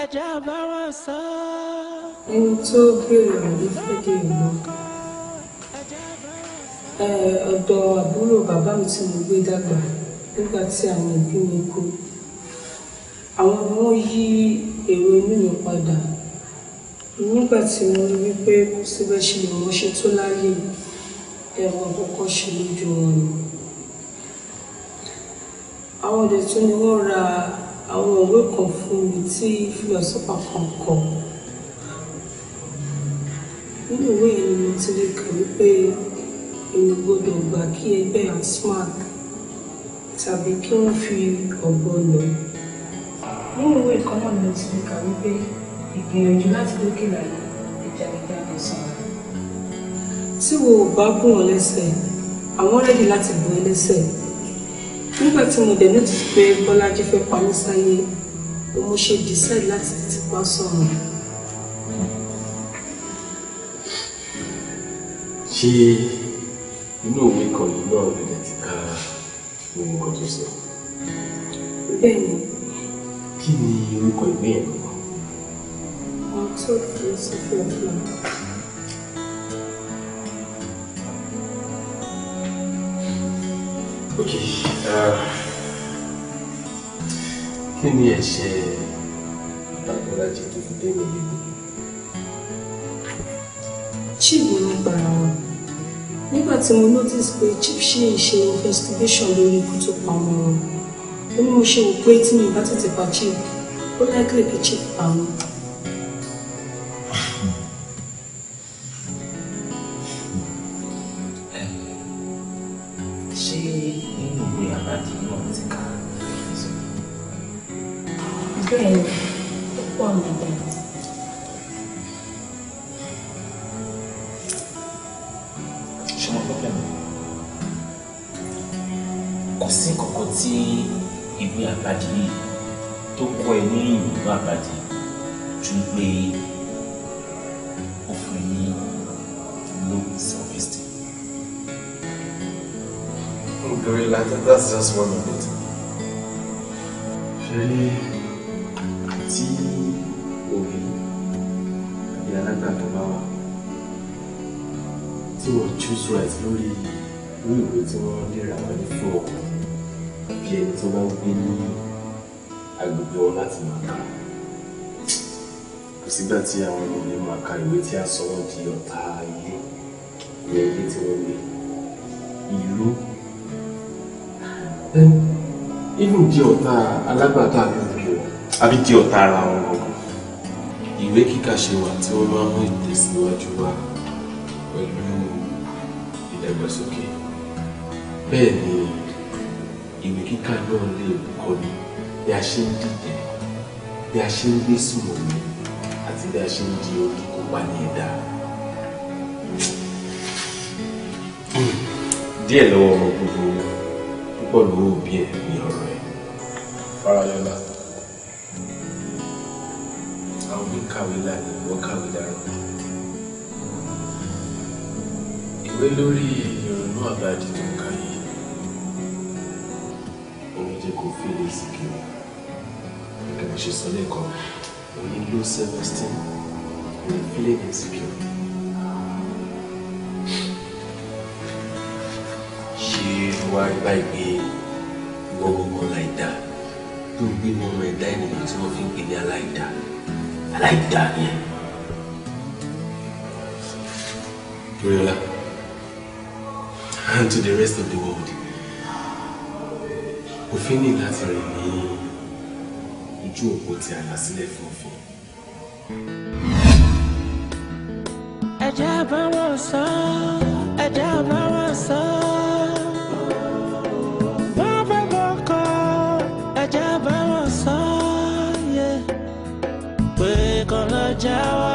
S2: ẹ̀já bá wọn sọ. ẹni tó bèrè àlè
S1: fẹ́dẹ̀ ìlú ọ̀dọ̀ àbúrò bàbá mi tí mo gbé dàgbà nígbà tí àwọn òbí mi kú àwọn ni wọ́n yí èrò inú mi padà nígbà tí mo rí wípé kò síbẹ̀ ṣe lè mọ́ṣẹ́ tó láyé ẹ̀rọ àkọ́kọ́ ṣe lójú wọn àwọn ọ̀dẹ̀ tún ni wọ́n ra àwọn òwe kan fún mi tí fílọ́sọ́pà kan kọ nínú ìwé yẹn ni mo ti lè kà wípé èmi gbọ́dọ̀ gbà kí ẹgbẹ́ asmac tàbí kí wọ́n fi ọ̀bọ lọ nínú ìwé kan náà ni mo ti kà wípé ìgbìyànjú láti lókè láyé ìjàgbéjáde sàn. tí wo ò bá gùn ọ lẹ́sẹ̀ àwọn rẹ́dí láti gùn ẹ lẹ́sẹ̀ nígbà tí mo dẹ̀ nítí pé bọ́lájí fẹ́ pa mí sáyé ni mo ṣe decide láti tètè pa sọ̀rọ̀.
S3: ṣé inú òwe kan yìí náà lè ti ka
S8: ohun kan tó sọ. bẹ́ẹ̀ ni
S3: kí ni orúkọ ìwé yẹn lọ.
S1: untold philosophy of love.
S3: ok kí ni ẹ̀ṣẹ̀ Bàbálájí tó fi dé mi
S1: Chibu ló gbara wọn nígbà tí mo notice pé Chibu ṣe ń investigation lórí ikú tó pa ọmọ wọn ó ní mo ṣe wò pé tí mi bá tètè bá chief ó láìpẹ́ bí chief pa
S3: even di ọ̀tá alágbàtà mi ò bí wọn. àbí di ọ̀tá ara wọn gangan. ìwé kíkà ṣe wà tí wọ́n máa ń mú ìtẹ̀síwájú wá pẹ̀lú ìdàgbàsókè bẹ́ẹ̀ ni ìwé kíkà náà lè kọ́ni bí a ṣe ń dìde bí a ṣe ń gbé sùnmọ̀mí àti bí a ṣe ń di olùkópa ní ẹ̀dá. Hmm. díẹ̀ lọ́wọ́ ọmọ gbogbo púpọ̀ lọ́wọ́ òbí ẹ̀ ní ọ. Arayọ̀lá. Àwọn mi kàwé lánàá, ìwọ kàwé dára. Ìwé lórí ìrònú àbájáde tó ń yìí. Òun jẹ́ kó fi lè sì kiri. Gẹ́gẹ́ bó ṣe sọ lẹ́kọ̀ọ́, òun ló self òun fi lè insecure. Ṣé wàá rí báyìí pé gbogbo kan láì dáa? tó gbé mọ́nú ẹ̀dá ènìyàn tí wọ́n fi ń pè ní aláìdá aláìdá yẹn. Toriola and to the rest of the world òfin ní láti rìn ní ojú òpó tí a là sílẹ̀ fún òfin.
S2: ẹ̀jẹ̀ bá wọn sọ ẹ̀jẹ̀ bá wọn sọ. wajawa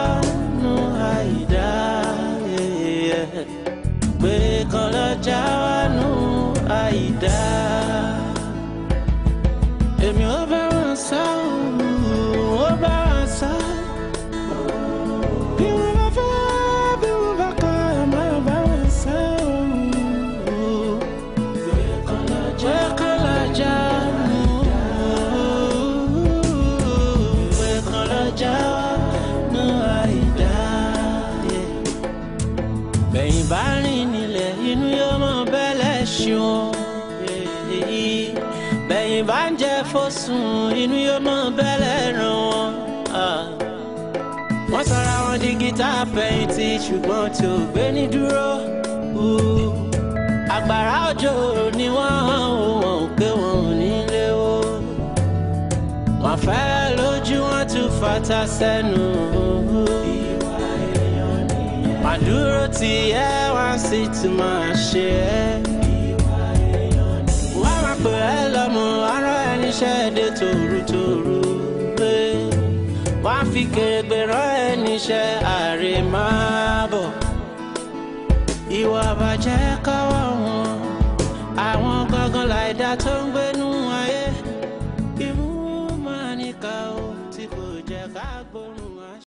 S2: inú yóò mọ bẹ́lẹ̀ ràn wọ́n. wọ́n sọra wọn di gítà fẹ̀yìntì ṣùgbọ́n tí ò gbé ní dúró. àgbàrá òjò ni wọ́n hàn wọ́n ò pé wọn ò nílé o. wọ́n fẹ́ lójú wọn tún fata sẹ́nu. màdúró ti yẹ wọn sì tún máa ṣe é. wọ́n máa pè é lọ́mọ ara ẹni ṣe é torútorú pé wá fi kèrègbè rán ẹ níṣẹ́ àárẹ̀ máa bọ̀ ìwà bàjẹ́ káwọ́ wọn àwọn
S7: gangan láìdá tó